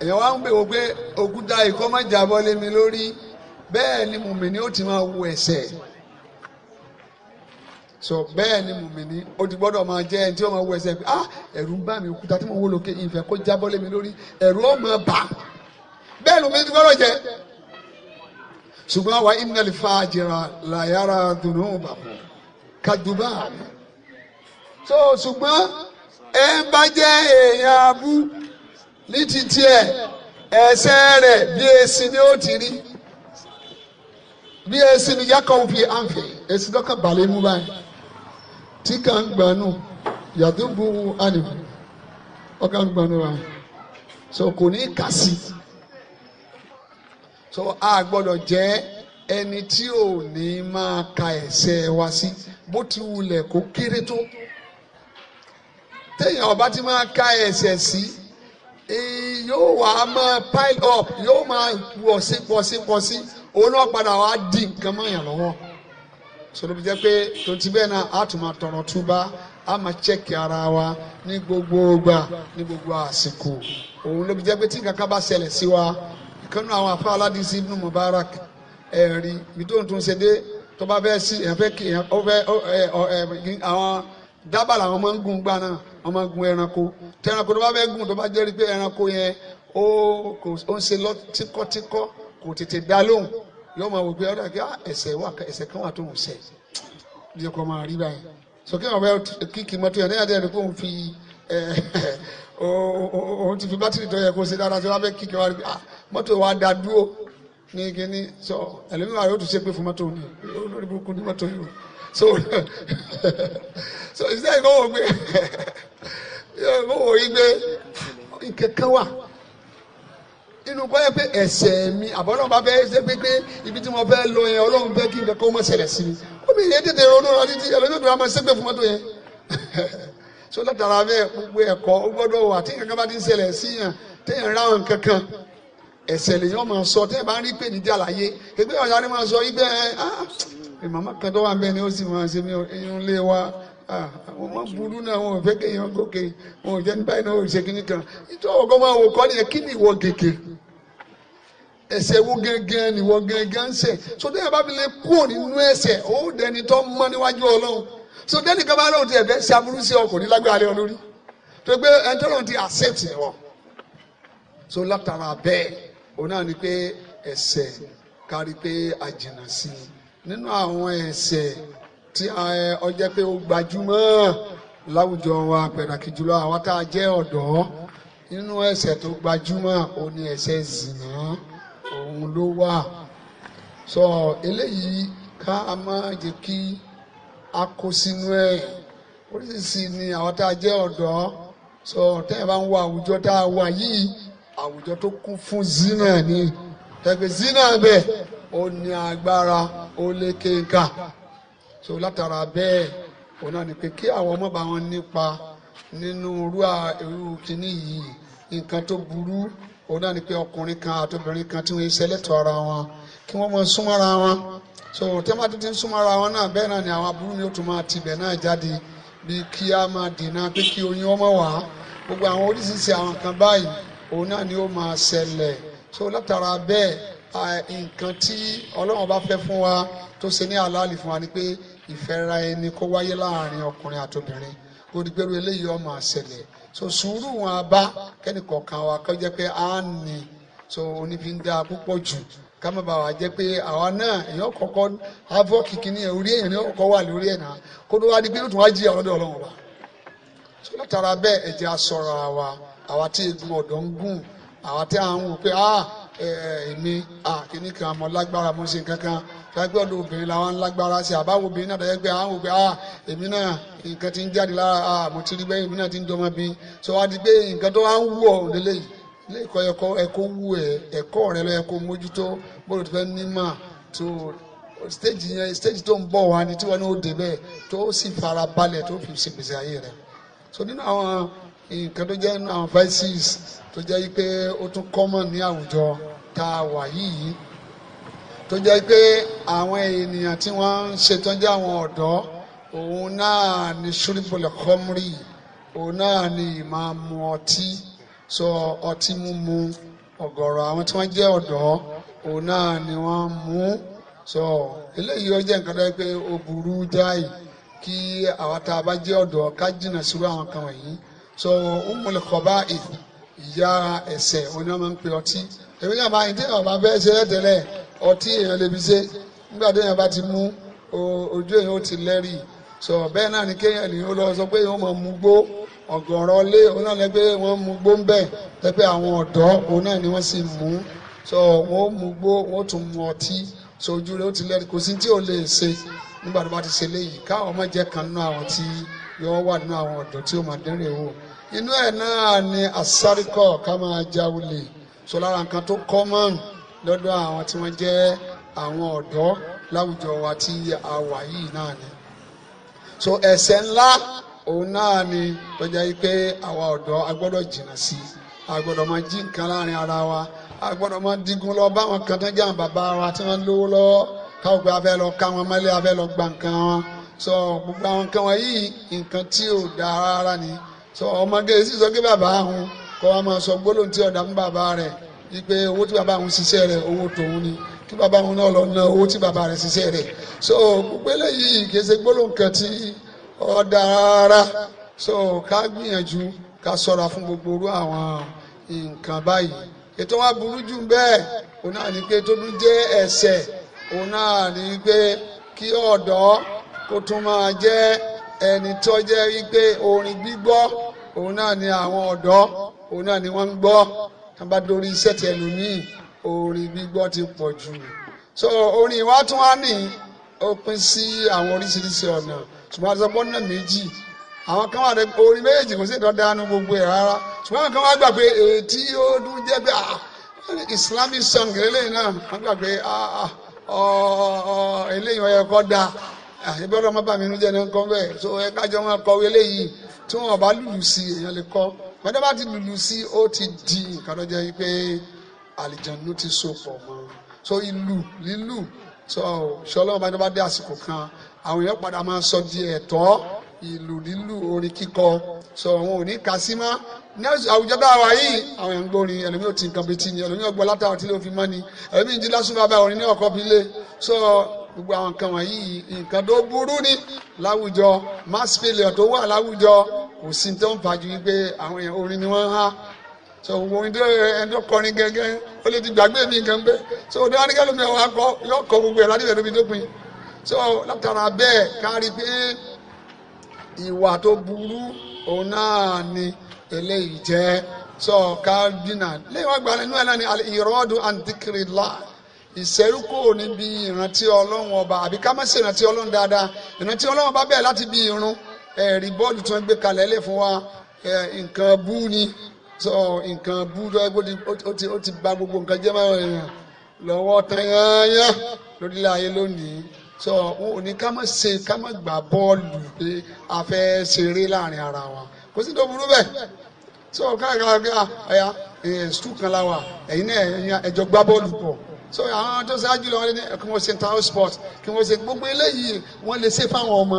èèyàn wá ń bèwò pé òkúta ìkọ́ má jábọ́ lé mi lórí bẹ́ẹ̀ ni mùmíní ó ti máa wo ẹ̀ṣẹ̀ so bẹ́ẹ̀ ni mùmíní ó ti gbọ́dọ̀ máa jẹ́ ẹni tí ó máa wo ẹ̀ṣẹ̀ pé ah ẹ̀rù ń bà mí òkúta tí mo wó lókè ìfẹ́ kó jábọ́ lé mi lórí ẹ̀rù ó máa bà bẹ́ẹ̀ ló mi ti gbọ́dọ̀ jẹ́ ṣùgbọ́n àwa imnali fàájìrà làyàrá dùnú bàbá kàdùbà mi. so ṣùgbọ́n ẹ bá jẹ́ èèyàn abú ní títí ẹ ẹsẹ̀ rẹ̀ bí esi ni ó ti rí bí esi ni yakọ̀ fi ànfẹ̀ esi dọ́kà balẹ̀ mú báyìí tí kà ń gbanú yàtọ̀ bu ànìmọ̀ ń gbanú wa so kò ní kà sí i so a gbọ́dọ̀ jẹ́ ẹni tí ò ní máa ka ẹ̀ṣẹ̀ wa sí bó ti wulẹ̀ kó kéré tó téèyàn ọba ti máa ka ẹ̀ṣẹ̀ sí yóò wá máa pile up yóò máa pọ̀ sí pọ̀ sí pọ̀ sí òun náà padà wá di nǹkan mọ́yàn lọ́wọ́ sọlọ́bi jẹ́ pé tontì bẹ́ẹ̀ náà a tún máa tọrọ túbá a máa chẹ́kì ara wa ní gbogbo gbà ní gbogbo àsìkò òun ló bi jẹ́ pé tí nǹkan kan bá ṣẹlẹ̀ sí wa ìkànnì àwọn afá aládìsí ibnu Mubarak ẹ̀rí bí tó ń tún ṣe dé tó bá fẹ́ sí èèyàn fẹ́ kí èèyàn ó fẹ́ àwọn dábàá làwọn máa ń gun gbà náà wọ́n máa ń gun ẹranko tí ẹranko tó bá fẹ́ gùn tó bá jẹ́rí pé ẹranko yẹn ó ń ṣe lọ tíkọ́tíkọ́ kò tètè dá lóhùn yóò máa wò pé ọ̀dà kí ẹsẹ̀ wà ẹsẹ̀ kan wà tó ń sẹ̀ ní ọkọ̀ máa rí báyìí so kí ọ̀bẹ kíkì mọ́tò yẹn lẹ́yìn àdéhùn kó ń fi òun ti fi bátìrì tó yẹ kó ṣe dáadáa tó wá fẹ́ kíkì wá rí báyìí mọ́tò wa dá dúró ní kíní sọ ẹlòmíràn yóò tún ṣe pé fún mọ́tò ní olórí burúkú ní mọ́tò yìí so so ìṣe ìkọ́wọ́ gbé ìkọ́wọ́ yìí gbé nkẹ̀kẹ́ wà inú kọ́ yẹ pé ẹ̀ṣẹ̀ mi àbọ̀lọ́ bá fẹ́ ṣe pé pé ibi tí mo fẹ́ lọ yẹn ọlọ́run fẹ́ kí nǹkan kó mọ̀ ṣẹlẹ̀ sí mi ó mi tètè ronú lọ títí ẹlẹ́dọ̀dọ̀ a máa ṣépè fún mọ́tò yẹn so látara bẹ́ẹ̀ gbogbo ẹ̀kọ́ ó gbọ́dọ̀ wà tí nǹkan bá ti ń ṣẹlẹ̀ sí yàn téèyàn ráwọn kankan ẹsẹ̀ lèyìn ọmọ sọ tẹ́ ẹ bá ń rí pé nídìí àlàyé ẹgbẹ́ ọ̀yà ni máa sọ yí bẹ́ẹ̀ ah, ah, ẹ màmá kan tó wà ń bẹ ni ó sì máa ṣe mí irun lé wa ah, àwọn ọmọ burú náà wọn ò fẹ́ kéèyàn gòkè wọn ò jẹ́ ní báyìí náà ò ṣe kíní kan ìtọ́ ọ̀gọ́ máa wò kọ́ nìyẹn kí ni ìwọ gègé ẹ̀ṣẹ̀ wo gẹ́gẹ́ ni ìwọ gẹ́gẹ́ ń ṣẹ̀ so tẹ́ ẹ bá fi lè kúrò nínú ẹ̀ṣẹ̀ ó dẹni tó mọ́ níwájú Ọlọ́run so tẹ́ni kan bá lóun ti ẹ̀fẹ́ ṣe aburú sí ọkùnrin lágbára lé ọ lórí tó gbé ẹni tó lóun ti accept ẹ̀ wọ̀ so látara bẹ́ẹ̀ òun náà ni pé ẹ̀ṣẹ̀ kárí pé a jìnnà sí i nínú àwọn ẹ̀ṣẹ̀ tí eh, ó pé ó gbajúmọ̀ láwùjọ wa pẹ̀lẹ́kì jùlọ àwa tá a jẹ́ ọ̀dọ́ nínú ẹ̀ṣẹ̀ tó gbajúmọ̀ òun ni ẹ̀ṣẹ̀ zìnà òun ló wà sọ eléyìí ká a máa jẹ́ kí a kó sínú ẹ̀ oríṣiríṣi ni àwa tá a jẹ́ ọ̀dọ́ sọ tẹ́yìn bá ń wo àwùjọ tá a wà yìí àwùjọ tó kún fún zina ni tẹ̀gbẹ́ zina bẹ́ẹ̀ ó ní agbára ó lé kéka so látara bẹ́ẹ̀ òun náà ni pé kí àwọn ọmọ bá wọn nípa nínú irú irú yìí nǹkan tó burú òun náà ni pé ọkùnrin kan àtobìnrin kan tí wọ́n ṣe lẹ́tọ̀ọ́ ara wọn kí wọ́n máa súnmọ́ wọn so tí wọ́n bá ti ń súnmọ́ ara wọn náà bẹ́ẹ̀ náà ni àwọn aburú mi ó tún máa tibẹ̀ náà jáde bí kí a máa dènà pé kí oyún ọmọ wà gbogbo àwọn oríṣiríṣi àwọn kan báyìí òun náà ni ó so látara bẹ́ẹ̀ nǹkan tí ọlọ́run bá fẹ́ fún wa tó ṣe ní àlàálì fún wa ni pé ìfẹ́ra ẹni kó wáyé láàrin ọkùnrin àtobìnrin orígbèrú eléyìí ó máa so sùúrù wọn wa pé a ní so jù ká má bàa wà pé àwa náà èèyàn wà lórí náà kó wá di pé ó tún àwa tí egun ọ̀dọ́ ń gùn àwa tí à ń wò pé ah èmi ah kìíní kan mo lágbára mo ṣe nǹkan kan lágbẹ́ ọ̀dọ̀ obìnrin làwọn ń lágbára àbáwo obìnrin náà dájẹ́ à ń wò pé ah èmi náà nǹkan ti ń jáde lára ah mo ti rí bẹ́ẹ̀ èmi náà ti ń dọ́mọ bí so wá di pé nǹkan tó wá ń wù ọ́ lélẹ́yìí lẹ́kọ̀ọ́ ẹ̀kọ́ ẹ̀kọ́ wù ẹ̀ ẹ̀kọ́ rẹ lọ ẹ̀kọ́ mójútó bó ló ti fẹ́ nímọ̀ tó stage yẹn stage tó ń bọ̀ wá ni tí wọ́n ní ó dé bẹ́ẹ̀ tó sì fara tó fi ṣèpèsè ayé rẹ̀ so nínú àwọn nǹkan tó jẹ́ nínú àwọn vices tó jẹ́ pé ó tún common ní àwùjọ tá a wà yìí tó jẹ́ pé àwọn ènìyàn tí wọ́n ń ṣetọ́jú àwọn ọ̀dọ́ òun náà ni ṣúrìbọ̀lẹ̀ kọ́mrì òun náà ni máa mu ọtí sọ ọtí mímu ọ̀gọ̀rọ̀ àwọn tí wọ́n jẹ́ ọ̀dọ́ òun náà ni wọ́n mú sọ eléyìí ó jẹ́ nǹkan tó jẹ́ pé ó burú jáì kí àwa tá a bá jẹ́ ọ̀dọ́ ká jìnnà sírú àwọn kan wọ̀nyí so umul khaba'ith ìyá ẹ̀ṣẹ̀ onímọ̀ ń pè ọtí èmi náà máa ń tẹ́ ọ̀bá bẹ́ẹ̀ ṣe tẹ́lẹ̀ ọtí èèyàn lè fi ṣe nígbà tí èèyàn bá ti mú ojú èèyàn ó ti lẹ́rìí so bẹ́ẹ̀ náà ni kéèyàn lè lọ sọ pé wọ́n máa mú gbó ọ̀gọ̀rọ̀ lé òun náà lẹ́gbẹ́ wọ́n mú gbó ń bẹ̀ àwọn ọ̀dọ́ òun náà ni wọ́n sì mú so wọ́n mú gbó wọ́n tún mú ọtí so ojú rẹ̀ ó ti lẹ́rìí kò sí tí ò lè ṣe nígbà tó bá ti ṣe léyìí káwọn ọmọ jẹ́ kan nínú àwọn tí yọ wà nínú àwọn ọ̀dọ́ tí ó máa dẹ́rẹ̀ wò inú ẹ̀ náà ni asárikọ̀ ká máa jáwulè so lára nǹkan tó common lọ́dọ̀ àwọn tí wọ́n jẹ́ àwọn ọ̀dọ́ láwùjọ wa tí a wà yìí náà ni so ẹ̀ṣẹ̀ ńlá òun náà ni tọ́jà yìí pé àwa ọ̀dọ́ a gbọ́dọ̀ jìnnà sí i a gbọ́dọ̀ máa jí nǹkan láàrin ara wa a gbọ́dọ̀ máa digun lọ báwọn kan tán jẹ́ bàbá wa tí wọ́n lówó lọ́wọ́ káwọn gba abẹ́ lọ ká wọn mọ́lé abẹ́ lọ gba nǹkan wọn so gbogbo àwọn nǹkan wọn yìí nǹkan tí ò dáa rárá ni sọ ọmọge sì sọ pé bàbá àwọn kọ́ wa máa sọ gbólóhùn tí ọ̀dà fún bàbá rẹ̀ wípé owó tí bàbá àwọn ṣiṣẹ́ rẹ̀ owó tòun ni kí bàbá àwọn náà lọ ná owó tí bàbá rẹ̀ ṣiṣẹ́ rẹ̀ so gbogbo eléyìí kì í gbólóhùn kan tí ọ̀dà rárá so ká gbìyànjú ká sọ̀ra fún gbogbo orú àwọn nǹkan báyìí ètò wa burú jù bẹ́ẹ̀ òun náà ní pé tó tún jẹ́ ẹ̀ṣẹ̀ òun náà ní pé kí ọ̀dọ́ kó tún máa jẹ́ ẹni tó jẹ́ wípé orin gbígbọ́ òun náà ni àwọn ọ̀dọ́ òun náà ni wọ́n ń gbọ́ tán bá dorí iṣẹ́ ti ẹlòmíì orin gbígbọ́ ti pọ̀ jù so orin ìwà tún wá ní ó pín sí àwọn oríṣiríṣi ọ̀nà ṣùgbọ́n a sọ pé ọ̀nà méjì àwọn kan wà dé orin méjì kò sí ìtọ́ dánú gbogbo ẹ̀ rárá ṣùgbọ́n àwọn kan wá gbà pé ètí ó dún jẹ́ pé ah, islamic song eléyìí náà wọ́n gbà pé ah, ah, oh, oh, oh, eléyìí ọ̀yẹ̀kọ́ dáa àyẹ̀bọ́dọ̀ ah, má bà mí inú jẹ́ ní nǹkan bẹ́ẹ̀ so ẹ kájọ máa kọ̀wé léyìí tí wọn bá lùlù sí èèyàn lè kọ́ gbọ́dọ̀ bá ti lùlù sí ó ti di nǹkan tó jẹ́ pé àlìjànú ti so pọ̀ mọ́ so ìlù lílù so ṣọlọ́wọ́n bá ní bá dé àsìkò kan àwọn èèyàn padà máa sọ di ẹ̀tọ́ ìlù lílù orin kíkọ so àwọn òní kà sí mọ́ ní àwùjọ bá wà yìí àwọn èèyàn ń gbórin ẹlòmíì ò ti nǹkan bẹ́tì ni ẹlòmíì ò gbọ́ látàwọn tí ló fi mọ́ ni ẹlòmíì ń di lásùnfà bá orin ní ọ̀kọ́ fi lé so gbogbo àwọn nǹkan wọ̀nyí nǹkan tó burú ni láwùjọ mass failure tó wà láwùjọ kò sí tó ń fàájú wípé àwọn èèyàn orin ni wọ́n ń há so gbogbo ohun tó ẹni tó kọrin gẹ́gẹ́ ó lè ti gbàgbé mi nǹkan pé so òde wa ní kẹ́lómi ọ̀wá kọ yóò kọ gbogbo ẹ̀ láti ìrẹ̀lómi tó pin so látara bẹ́ẹ̀ kárí pé ìwà tó burú òun náà ni eléyìí jẹ́ so ká dínà lẹ́yìn wá gbà nínú ẹ̀ náà ni ìrọ́dún àǹtíkìrì láì ìṣẹ́rú kúrò níbi ìrántí ọlọ́run ọba àbí ká má ṣe ìrántí ọlọ́run dáadáa ìrántí ọlọ́run ọba bẹ̀rẹ̀ láti bí irun ẹ̀rí bọ́ọ̀lù tí wọ́n gbé kalẹ̀ lè fún wa nǹkan bú ni sọ nǹkan bú ó ti ba gbogbo nǹkan jẹ́ máa rìn lọ́wọ́ tẹ́yányán lórílẹ̀ ayé lónìí sọ wọn ò ní ká má ṣe ká má gbà bọ́ọ̀lù pé a fẹ́ ṣeré láàrin ara wa kò sí tó burú bẹ́ẹ̀ sọ káàkiri àyà ẹ̀ sùkànlá wa ẹ̀yin náà ẹ̀jọ̀ gbá bọ́ọ̀lù pọ̀ so àwọn tó ṣáájú lọ wọn ní kí wọ́n ṣe town sport kí wọ́n ṣe gbogbo eléyìí wọ́n lè ṣe fáwọn ọmọ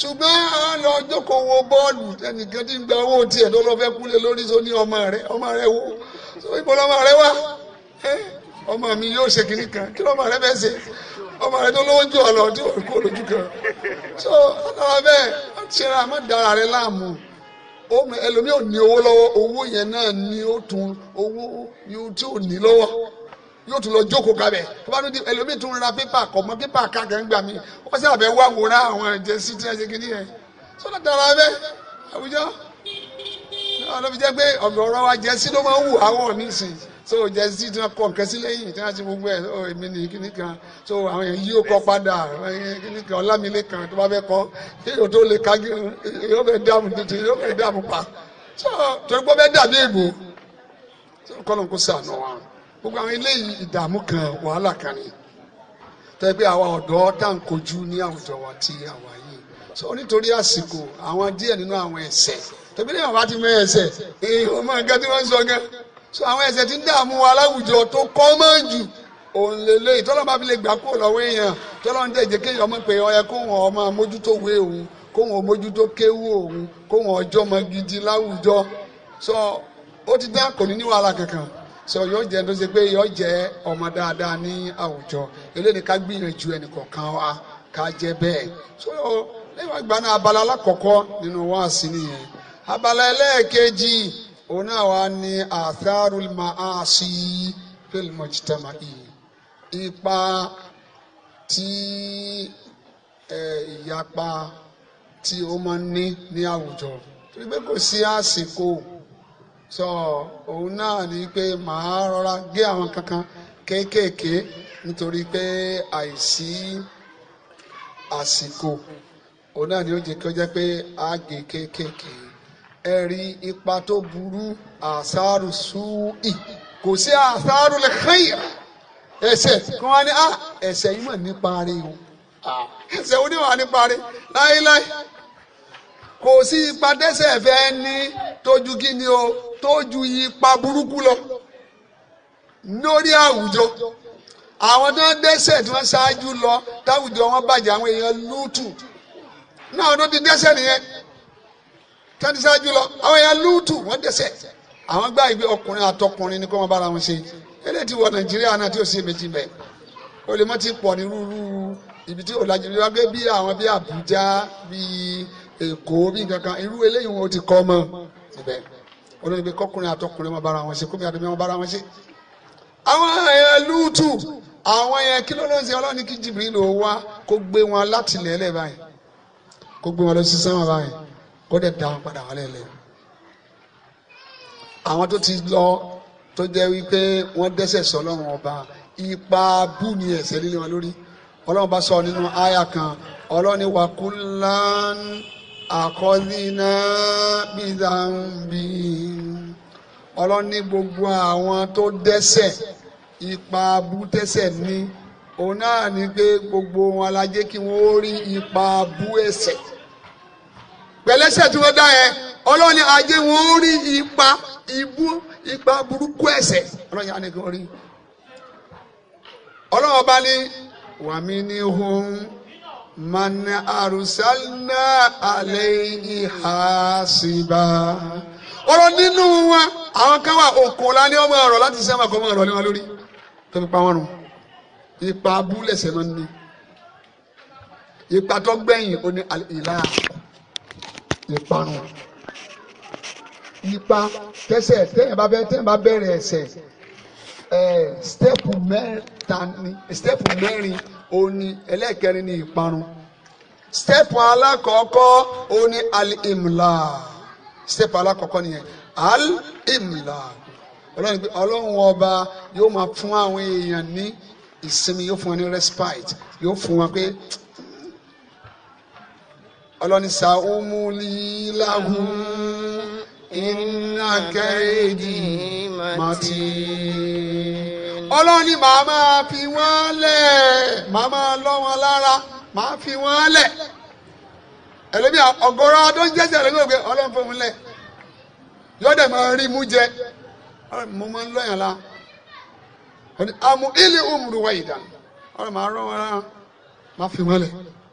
ṣùgbọ́n à ń lọ jókòó wo bọ́ọ̀lù ẹnìkan tí ń gba owó tiẹ̀ tó lọ fẹ́ kúlẹ̀ lórí so ní ọmọ rẹ ọmọ rẹ wo so ibo lọmọ rẹ wá ọmọ mi yóò ṣe kiri kan kí lọmọ rẹ fẹ́ ṣe ọmọ rẹ tó lówó jù ọ lọ tí ò kó lójú kan so ọlọ́wọ́ bẹ́ẹ̀ ṣera má dára rẹ láàmú ẹlòmíì ò ní owó lọ́wọ́ owó yẹn náà ni ó tún owó ni ó tí ò ní lọ́wọ́ yóò tún lọ jókòó kabẹ tó bá ní ẹlòmíì tún ra pépà kọ mọ pépà káàkiri ń gbà mí wọn sì àbẹ wá wòrán àwọn ẹjẹ sí tí wọn ṣe kiri yẹn sọdọ dára bẹ àwùjọ ọlọ́ fi jẹ́ pé ọ̀gọ̀ọ̀rọ̀ wa jẹ́sí ló máa ń wù àwọn mi sìn so jẹ́sí tí wọ́n kọ nǹkan sí lẹ́yìn tí wọ́n ti gbogbo ẹ̀ ọ èmi nìyí kíní kan so àwọn èèyàn yíò kọ́ padà kíní kan ọlámilé kan tó bá fẹ́ kọ́ yóò tó lè kájú yóò fẹ́ dààmú tuntun yóò fẹ́ dààmú pa so torí pé gbogbo àwọn eléyìí ìdààmú kan wàhálà kan ni tẹ́gbẹ́ àwa ọ̀dọ́ dáńkojú ní àwùjọ wa ti àwa yìí so nítorí àsìkò àwọn díẹ̀ nínú àwọn ẹ̀ṣẹ̀ tẹ́gbẹ́ ní àwọn àti mẹ́rin ẹ̀ṣẹ̀ èyí ó máa gẹ́ tí wọ́n ń sọ gẹ́ so àwọn ẹ̀ṣẹ̀ ti ń dààmú wa láwùjọ tó kọ́ máa jù òun lélẹ̀ tọ́lọ́ bá fi lè gbà kúrò lọ́wọ́ èèyàn tọ́lọ́ ń dẹ̀jẹ̀ kéèyàn mọ̀ pé ó yẹ kó wọn ọmọ mójútó wé òun kó wọn mójútó kéwú òun kó wọn ọjọ́ mọ gidi láwùjọ so ó ti dá kò ní ní wàhálà kankan so yóò jẹ́ tó ṣe pé yóò jẹ́ ọmọ dáadáa ní àwùjọ eléyìí ká gbìyànjú ẹnìkọ̀ọ̀kan wa ká jẹ́ bẹ́ẹ̀ so lẹ́yìn àgbà náà abala alákọ̀ọ́kọ́ nínú wáàsí nìyẹn abala ẹlẹ́ẹ̀kejì òun náà wà ní atharul maasi fil mujtama'i ipa tí ìyapa tí ó máa ń ní ní àwùjọ torí pé kò sí àsìkò. so òun náà ni pé màá rọra gé àwọn kankan kéékèèké nítorí pé àìsí àsìkò òun náà ni ó jẹ kí ó jẹ pé ipa tó burú àṣàrù súì kò sí lè kí ní à ah, yìí o ah, láéláé kò ipa ní tójú kí ni o tó ju ipa burúkú lọ lórí àwùjọ àwọn tó ń dẹ́ṣẹ̀ tí wọ́n ṣáájú lọ táwùjọ wọn bàjẹ́ àwọn èèyàn lútù náà àwọn tó ti dẹ́ṣẹ̀ nìyẹn tó ti ṣáájú lọ àwọn èèyàn lútù wọ́n dẹ́ṣẹ̀ àwọn gbá ìgbé ọkùnrin àtọkùnrin ni kó wọn bára wọn ṣe eléyìí ti wọ nàìjíríà náà tí ò sí èméjì bẹ́ẹ̀ o lè mọ ti pọ̀ ní rúurú ibi tí òlàjú ni wọ́n bí àwọn bí àbújá bí èkó bí nǹkan kan irú eléyìí wọn ti kọ́ mọ́ ibẹ̀ olóyìnbí kọkùnrin àtọkùnrin máa bára wọn ṣe kóbi àdébí wọn bára wọn ṣe. àwọn èèyàn lúùtù àwọn yẹn kí ló ló ń ṣe ọlọ́ọ̀ni kí Jibril ò wá kó gbé wọn láti lẹ́lẹ̀ báyìí kó gbé wọn lọ sí sánmà báyìí kó dẹ̀ dá wọn padà wá lẹ́lẹ̀. àwọn tó ti lọ tó jẹ́ wípé wọ́n dẹ́sẹ̀ sọ lọ́wọ́n ọba ipa bú ni ẹ̀sẹ̀ líle wọn lórí ọlọ́run bá sọ nínú àyà kan ọlọ́run ni àkọ́dínà bídàmbì ọlọ́ni gbogbo àwọn tó dẹ́sẹ̀ ipa abú tẹ́sẹ̀ ní òun náà ni pé gbogbo wọn la jẹ́ kí wọ́n ó rí ipa abú ẹ̀ṣẹ̀ pẹ̀lẹ́ṣẹ̀ tí wọ́n dá yẹn ọlọ́ni ajé wọn ó rí ipa ibú ipa burúkú ẹ̀ṣẹ̀ ọlọ́ni á ní rí ọlọ́wọ́ bá ní wàmí ní ohun. من أرسلنا عليه حاسبا ọ̀rọ̀ nínú wọn àwọn kan wà òkò lálẹ́ ọmọ ọ̀rọ̀ láti sẹ́wọ̀n àkọ́mọ ọ̀rọ̀ lẹ́wọ̀n lórí tó fi pa wọn rùn ipa abúlẹ̀sẹ̀ máa ń ní ipa tó gbẹ̀yìn ó ní ìlà ìparun ipa tẹ́sẹ̀ tẹ́yìn bá bẹ̀rẹ̀ ẹ̀sẹ̀ stẹ́pù mẹ́ta ni stẹ́pù mẹ́rin òun ni ẹlẹ́ẹ̀kẹrin ni ìparun stẹ́pù alákọ̀ọ́kọ́ òun ni al-imla stẹ́pù alákọ̀ọ́kọ́ nìyẹn al-imla ọlọ́run ọba yóò máa fún àwọn èèyàn ní ìsinmi yóò fún wọn ní respite yóò fún wọn pé ọlọ́ni sàúmúlì láhùn iná kẹ́rẹ́dì màtí ọlọ́run ni màá máa fi wọ́n lẹ̀ màá máa lọ́ wọn lára màá fi wọ́n lẹ̀ ẹlẹ́mi ọ̀gọ́rọ̀ ọdún jẹ́sẹ̀ lẹ́gbẹ́ òkè ọlọ́run fún un lẹ̀ yọ́dẹ̀ máa rí mú jẹ mo máa ń lọ́yàn la àmú ilé òmùrù wa ìdá ọlọ́run máa rán wọn lára máa fi wọ́n lẹ̀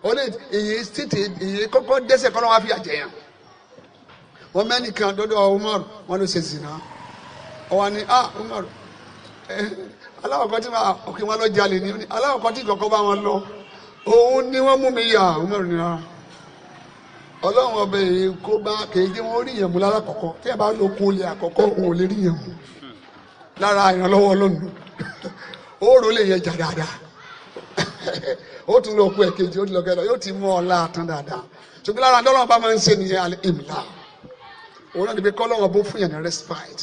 olè èyí títì èyí kọ́kọ́ dẹ́sẹ̀ kọ́ lọ́wọ́ àfíà jẹ̀yàn wọ́n mẹ́nìkan dọ́dọ̀ Umaru wọn ló ṣe zìnnà ọ̀wà ni ah Umaru aláwọ̀kọ́ tí ma òkè wọn lọ jalè ní aláwọ̀kọ́ tí kọ̀kọ́ bá wọn lọ òun ni wọ́n mú mi yà Umaru ni rárá ọlọ́run ọbẹ̀ yìí kó bá kéde wọn rí ìyẹ̀mú lára kọ̀kọ́ tí ẹ bá lọ kó lè àkọ́kọ́ òun ò lè rí ìyẹ̀mú lára ìrànlọ́wọ́ ọlọ́run ó rò lè yẹ jà dáadáa ó tún lọ kó ẹ̀kejì ó tún lọ kẹ́lọ́ yóò ti mú ọlá tán dáadáa ṣùgbọ́n lára dọ́lọ́run bá máa ń ṣe nìyẹn alẹ́ ìmìlá òun náà ni pé kọ́lọ́run bó fún yẹn ní respite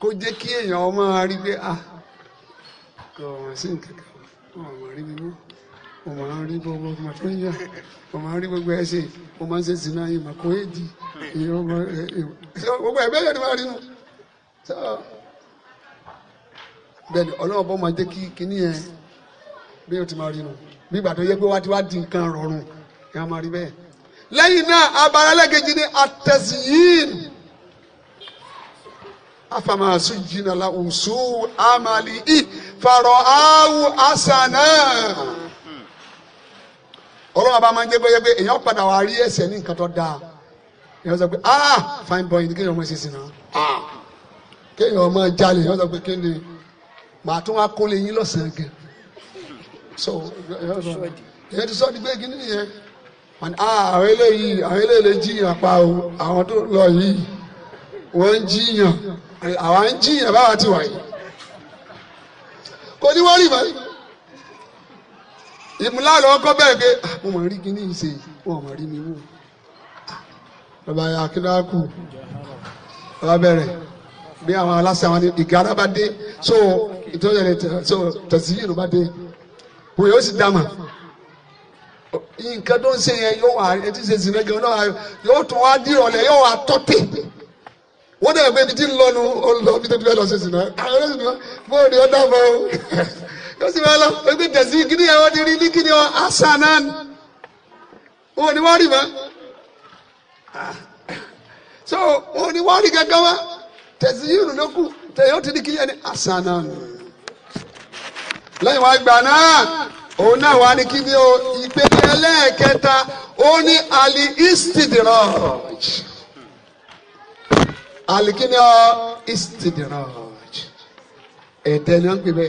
kó jẹ́ kí èèyàn máa rí pé ah lọ wọn sí nǹkankan wọn ò mọ rí mímú wọn máa ń rí gbogbo ọmọ tó ń yà wọn máa ń rí gbogbo ẹsẹ wọn máa ń ṣe sínú ayé màkó èjì gbogbo ẹgbẹ́ yẹn ni wọn rí mu bẹ́ẹ̀ni máa jẹ kí kíní yẹn bí o ti máa rí nu bí ìgbà tó yẹ pé wá ti wá di nǹkan rọrùn ẹ máa rí bẹ́ẹ̀ lẹ́yìn náà abala ni atẹsíyìn afamasi jinala usu amali i farọ awu asana ọlọ́run àbá máa ń jẹ́ bóyá pé èèyàn padà wà á rí ẹsẹ̀ ní nǹkan tó dáa èèyàn sọ pé ah fine boy ni kéèyàn ọmọ ṣe sìnà ah kéèyàn ọmọ jalè èèyàn sọ pé kéde màá tún wá kólé yín lọ́sàn-án gan so èèyàn ti sọ di pé kíní yẹn ah, àwọn eléyìí àwọn eléyìí lè jiyàn pa o àwọn tó lọ yìí wọ́n ń jiyàn àwa ń jiyàn báwa ti wà yìí kò ní wọ́n rí báyìí ìmúlá lọ kọ́ bẹ́ẹ̀ pé ah, mo mọ̀ rí kíní ìṣe wọn mọ̀ rí mi wò bàbá akínákù bàbá bẹ̀rẹ̀ bí àwọn aláṣẹ àwọn ìgárá bá dé so ìtọ́jú ẹ̀ so tẹ̀síyìn bá dé wọ́n yóò sì dá mà nǹkan tó ń ṣe yẹn yóò wà ẹ ti ṣe sí lẹ́gẹ̀ẹ́ yóò tún wá dírọ̀lẹ́ yóò wà tọ́tẹ̀ wọ́n dẹ̀ pé ibi tí ń lọ́nu ó lọ bí tó ti fẹ́ lọ sí ìsìnà àwọn olóṣèlú náà bóòdì ọ̀dà bọ̀ ọ́ yóò sì máa lọ pé tẹ̀sí kíní ẹ̀ wọ́n ti rí ní kíní àṣà náà ni wọn ò ní wọ́n rí mọ́ ah. so wọn ò ní wọ́n rí kankan mọ́ tẹ̀sí yìí ló kù tẹ̀yọ́ ti ní kíní ẹ̀ ní àṣà náà ni lẹ́yìn wá gbà náà òun náà wà ní kíní o ìpele ẹlẹ́ẹ̀kẹta ó ní ali istidraj alikini ọ istidiraj ẹ̀tẹ̀ ni wọ́n ń pè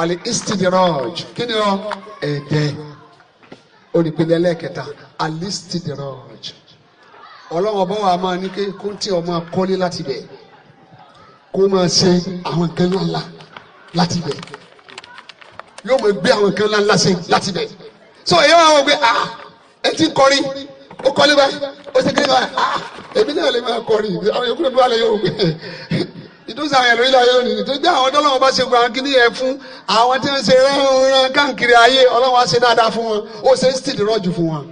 ali istidiraj kini ọ ẹ̀tẹ̀ olùpínlẹ̀ lẹ́ẹ̀kẹta ali istidiraj ọlọ́wọ́n bá wà á máa ní kí kó tí ọ máa kọ́lé láti bẹ̀ kó máa ṣe àwọn nǹkan ńláńlá láti bẹ̀ yóò máa gbé àwọn nǹkan ńláńlá ṣe láti bẹ̀ so èyí wọn wọ pé ah ẹ ti ń kọrin ó kọ́lé báyìí ó ṣe kí báyìí ah èmi náà lè máa kọrin ìgbé àwọn yòókù lọ́dún alẹ́ yòókù ìdúnsà àwọn ẹlòmílà yóò nìyí tó gbé àwọn tọ́lọ́wọ́n bá ṣe gba àwọn kìnìyẹ fún àwọn tí wọ́n ṣe rẹ́rùn-ún káàkiri ayé ọlọ́wọ́n á ṣe dáadáa fún wọn ó ṣe ń rọ́ọ̀jù fún wọn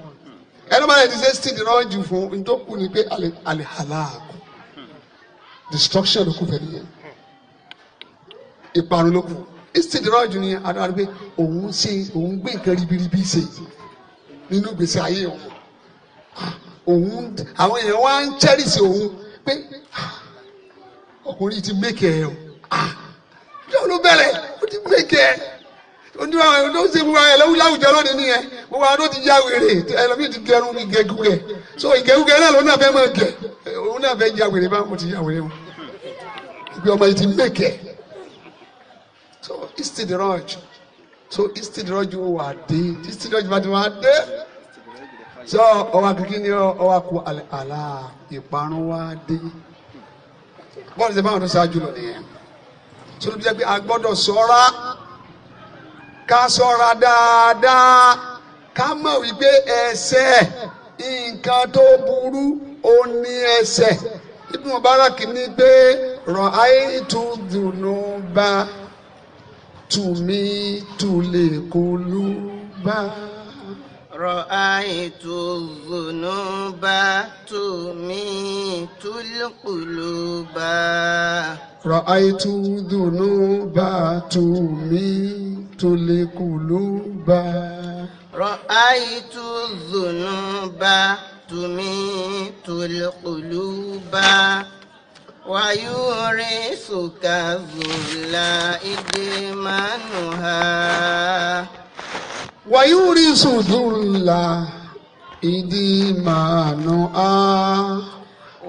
ẹnu bá yẹ ti ṣe ń rọ́ọ̀jù fún ntọ́kù ni pé àlè hàlàkù destruction ló kù fẹ́ nìyẹn ìparun ló kù stìdì rọ́ọ̀jù ni adára pé òun ṣe òun gbé nǹkan ribiribi ṣe nínú gbèsè ayé wọn òun àwọn èèyàn wá ń chẹ́rìsì òun pé ah, ọkùnrin ti mékè ẹ o yóò ah, ló bẹ̀rẹ̀ ó ti mékè ẹ onímọ̀ àwọn tó ń ṣe gbogbo àwọn ẹlẹ́wù láwùjọ lónìí nìyẹn gbogbo àwọn tó ti ya wèrè ẹlòmíì ti gẹrun ìgẹgùgẹ so ìgẹgùgẹ náà lòun náà fẹ́ máa gẹ òun náà fẹ́ ya wèrè báwọn ti ya wèrè wọn ìgbé ọmọ yìí ti mékè so istidiraj so istidiraj wà dé istidiraj bá ti wà dé so ọwọ́ akíkí ni ọwọ́ akú àlà ìparun wá dé bọ́ọ̀lù ṣe báwọn tó ṣáájú lọ nìyẹn sọlá bí jẹ́ pé a gbọ́dọ̀ ṣọ́ra ká ṣọ́ra dáadáa ká mọ̀ wípé ẹ̀ṣẹ̀ nǹkan tó burú ó ní ẹ̀ṣẹ̀ Ibn Mubarak ní pé rọ̀ ayé tó dùnú bá tùmí tùlẹ̀ kó bá. رأيت الذنوب تميت القلوب رأيت الذنوب تميت القلوب رأيت الذنوب تميت القلوب ويورثك الذل إدمانها wàyúrí sùdúrùlà ìdí màánú á.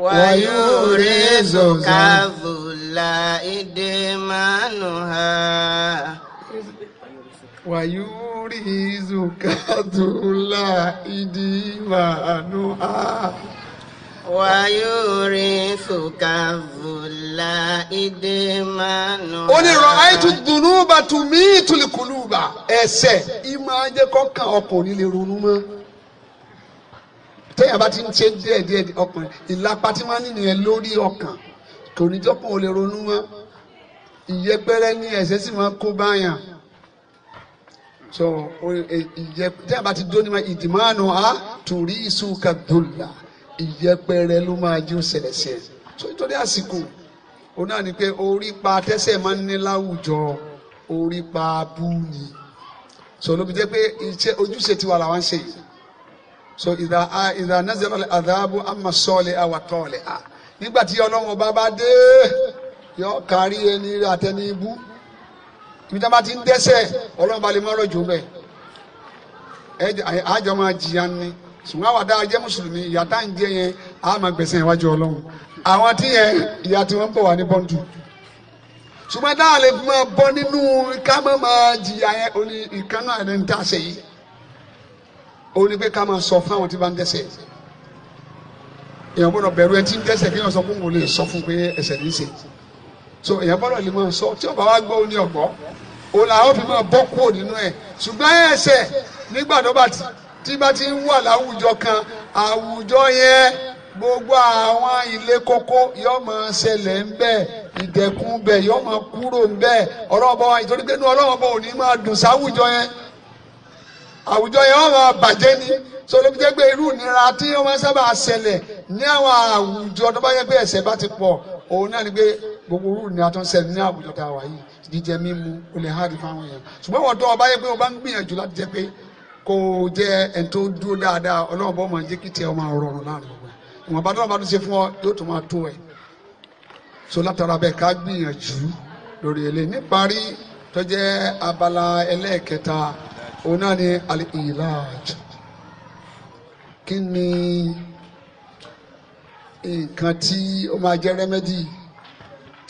wàyúrí zòkàvùlà ìdí màánú á. wàyúrí zòkàvùlà ìdí màánú á wàyúrin fòkàvùlà ìdè mánu. ó ní rọ àìtú dùnú bá tu mí tulikulu bá ẹsẹ̀ ìmọ̀ ajé kọ́kàn ọkùnrin lè ronú mọ́ téèyàn bá ti ń ṣe díẹ̀ díẹ̀ ọkùnrin ìlápá tí wọ́n nìyẹn lórí ọkàn kò ní jọ́pọ̀ ò lè ronú mọ́ ìyẹpẹrẹ ní ẹsẹ̀ sì máa kó báyàn so e, ìyẹ téèyàn bá ti dó ní ma àná a tùrí ìsúkà dùn ìyẹpẹrẹ ló máa jẹ́ òṣèlè sí so nítorí àsìkò òun náà ni pé orí pa tẹ́sẹ̀ máa ń ní láwùjọ orí so ló fi pé iṣẹ́ ojúṣe tiwa làwọn ṣe so ìdá ìdá nazara à nígbà tí bá yọ kárí ẹni àtẹni ibú a bá ti ń jù àjọ ṣùgbọ́n àwa dáa jẹ́ mùsùlùmí ìyá tá à ń jẹ yẹn a máa gbẹ̀sẹ̀ iwájú ọlọ́run àwọn tí yẹn ìyá tí wọ́n ń pè wá ní bọ́ńdù ṣùgbọ́n dáa lè máa bọ́ nínú ká má máa jìyà yẹn oní ìkànnà rẹ̀ ń tà ṣe yìí pé ká máa sọ fún àwọn tí bá ń dẹ́ṣẹ̀ èèyàn gbọ́dọ̀ bẹ̀rù ẹ tí ń dẹ́ṣẹ̀ kí èèyàn sọ fún òun lè sọ fún pé ẹ̀ṣẹ̀ ní í ṣe so èèyàn gbọ́dọ̀ lè máa sọ tí ọba wa gbọ́ ó ní ọ̀gbọ́ òun làwọn fi máa bọ́ kúrò nínú ẹ̀ ṣùgbọ́n ẹ̀ṣẹ̀ nígbà tí bá ti ń wà láwùjọ kan àwùjọ yẹn gbogbo àwọn ilé kókó yóò máa ṣẹlẹ̀ ń bẹ̀ ìdẹ̀kùn bẹ̀ yóò máa kúrò ń bẹ̀ ọlọ́run bá wa ìtorí pé inú ọlọ́run bá òní máa dùn sáwùjọ yẹn àwùjọ yẹn wọ́n máa bàjẹ́ ni sọlọ́bí jẹ́ pé irú ìnira tí wọ́n máa sábà ṣẹlẹ̀ ní àwọn àwùjọ tó bá yẹ pé ẹ̀ṣẹ̀ bá ti pọ̀ òun náà ni pé gbogbo irú ìnira tó ń ṣẹlẹ̀ ní àwùjọ tá a wà yìí jíjẹ mímu olè hàrí fáwọn èèyàn ṣùgbọ́n wọ́n tó ọba yẹ pé wọ́n bá ń gbìyànjú láti jẹ pé kó o jẹ́ ẹni tó dúró dáadáa ọlọ́run bọ́ máa jẹ́ kí tiẹ̀ máa rọrùn láàrin ọ̀gbìn ìwọ̀n bá tọ́lá bá tún ṣe fún ọ yóò tún máa tó ẹ̀ so látara bẹ́ẹ̀ ká gbìyànjú lórí eléyìí níparí tó jẹ́ abala ẹlẹ́ẹ̀kẹta òun náà ni al-ilaj kí ni nǹkan tí ó máa jẹ́ rẹ́mẹ́dì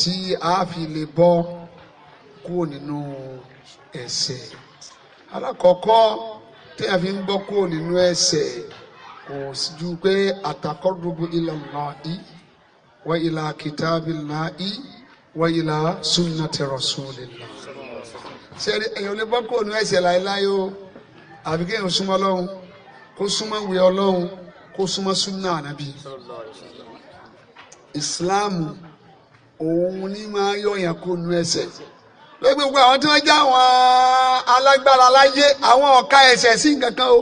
tí a fi lè bọ́ kúrò nínú ẹ̀ṣẹ̀ alákọ̀ọ́kọ́ téèyàn fi ń bọ́ kúrò nínú ẹ̀ṣẹ̀ kò ju pé àtàkọ́dùbù ilallahi wa ila kitabillahi wa ila sunnati rasulillah. sẹ́ni èèyàn lè bọ́ kúrò nínú ẹ̀ṣẹ̀ láéláé o àbí kéèyàn súnmọ́ Ọlọ́run kó súnmọ́ wí Ọlọ́run kó súnmọ́ súnà ànábì. ìsìláàmù òun ní máa yọ̀yàn kó nínú ẹ̀ṣẹ̀ lórí gbogbo àwọn tí wọ́n jẹ́ àwọn alágbára láyé àwọn ọ̀ka ẹ̀sẹ̀ sí nǹkan kan o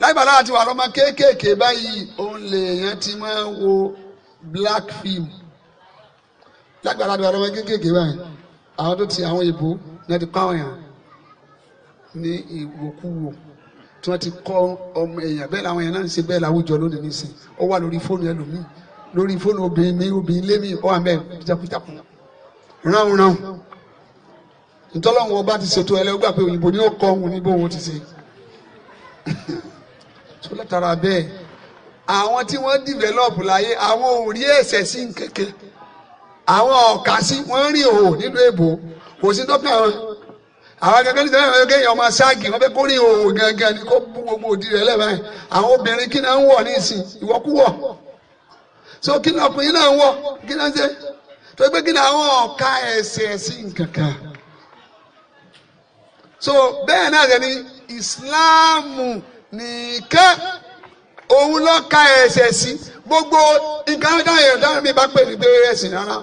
láìbàdàn àti wàrọ̀ ọmọ kéékèèké báyìí òun lèèyàn ti máa ń wo black film lágbàdàn àti wàrọ̀ ọmọ kéékèèké báyìí àwọn tó ti àwọn ìbò náà ti pàwọn èèyàn ní ìwòkúwò tí wọ́n ti kọ́ ọmọ èèyàn bẹ́ẹ̀ làwọn èèyàn náà ń ṣe bẹ́ẹ̀ láwùjọ lónìí nísìnyí ó wà lórí fóònù ẹlòmíì lórí fóònù obìnrin mi obìnrin lé mi ó wà mẹ́ẹ̀ jákujáku ránun ránun ntọ́lọ́hún ọba ti ṣètò ẹlẹ́ ọgbà pé òyìnbó ni ó kọ́ òun ní bó òun ti ṣe tó látara bẹ́ẹ̀ àwọn tí wọ́n develop láyé àwọn ò rí ẹ̀sẹ̀ sí kẹ̀kẹ́ àwọn ọ̀ka sí wọ́n rí òhò nílùú èbó kò sí dọ́kítà wọn àwọn akẹ́kọ̀ọ́ nítorí àwọn akẹ́kọ̀ọ́ èèyàn ṣáàgì wọ́n fẹ́ kó rí òhò gangan ni kó bú gbogbo òdì rẹ̀ lẹ́bàá àwọn obìnrin kí náà ń wọ̀ ní ìsìn ìwọ́kúwọ̀ so kí náà ọkùnrin náà ń wọ̀ kí náà ń ṣe tó gbé kí náà àwọn ọ̀ka ẹ̀sẹ̀ sí nǹkan so bẹ́ẹ̀ náà rẹ ni ìsìláàmù nìkan òun ló ka ẹ̀ṣẹ̀ sí gbogbo nǹkan táwọn èèyàn dáhùn mi bá pè ní pé ẹ̀sìn rárá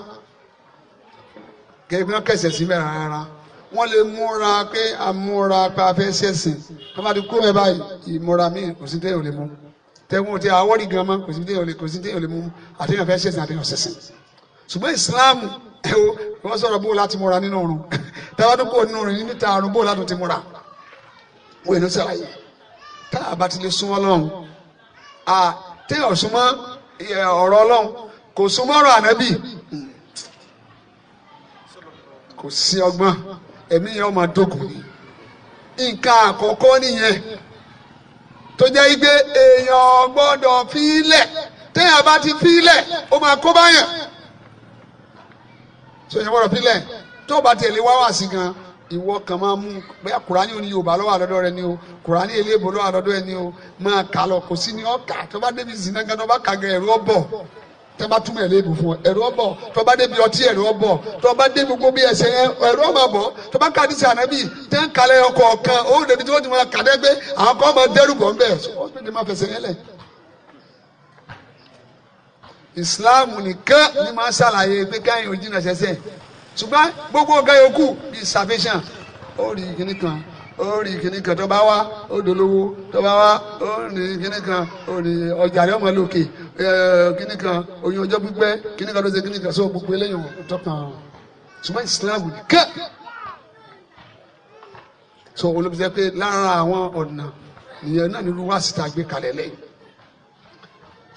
kẹ́kẹ́ náà kẹ̀sẹ̀ sí mẹ́rin rárá wọ́n lè múra pé àmúra pé a fẹ́ ṣẹ̀sìn wọ́n bá ti kó mẹ́ báyìí ìmúra míì kò sí téèyàn lè mú tẹ́wọ́n ti àwọ́rì gan kò sí téèyàn lè kò sí téèyàn lè mú àtẹ̀yàn fẹ́ ṣẹ̀sìn àtẹ̀yàn ṣẹ̀sìn ṣùgbọ́n ìsìláàmù ẹ̀wọ̀ wọ́n sọ̀rọ̀ bó láti múra nínú ọ̀run tẹ́wọ́n kò nínú rìn níta àrùn bó látò ti múra wọ́n èlò sẹ́wà yìí tá a bá ti lè súnmọ́ lọ́hùn à téèyàn súnmọ́ ọ̀rọ̀ ọlọ́hùn kò súnmọ́ ọ̀rọ̀ ànábì kò sí ọgbọ́n ẹ̀mí yẹn ọmọ dógùn ni nǹkan àkọ́kọ́ nìyẹn tó jẹ́ igbe èèyàn gbọ́dọ̀ fílẹ̀ téèyàn bá ti fílẹ̀ ó máa kó báyàn so èèyàn gbọ́dọ̀ fílẹ̀. tó o bá tiẹ̀ lè wá wá sí kan máa mú bẹ́ẹ̀ kùránì òní yorùbá lọ́wọ́ àdọ́dọ́ rẹ ni o kùránì eléèbó lọ́wọ́ àdọ́dọ́ rẹ ni o máa kà lọ kò sí ni ọkà tó bá débi zina gan tó bá kà gan ẹ̀rú ọ̀bọ̀ tó bá túmọ̀ eléèbó fún ọ ẹ̀rú ọ̀bọ̀ tó bá débi ọtí tó bá débi gbogbo ẹsẹ̀ bọ̀ tó bá kà dísẹ̀ ànábì tẹ́ ń kalẹ̀ ọkọ̀ ṣùgbọ́n gbogbo nǹkan yòókù bíi sàfihàn ó rí kíní kan ó rí kíní kan tó bá wá ó dolówó tó bá wá ó rí kíní kan ó rí ọjà rẹ ọmọ lókè kíní kan oyún ọjọ́ pípẹ́ kíní kan ló ṣe kíní kan sọ gbogbo eléyìí tọkàn ṣùgbọ́n Islam kẹ́ so olùbíṣẹ́ pé lára àwọn ọ̀nà nìyẹn náà nínú wá síta gbé kalẹ̀ lẹ́yìn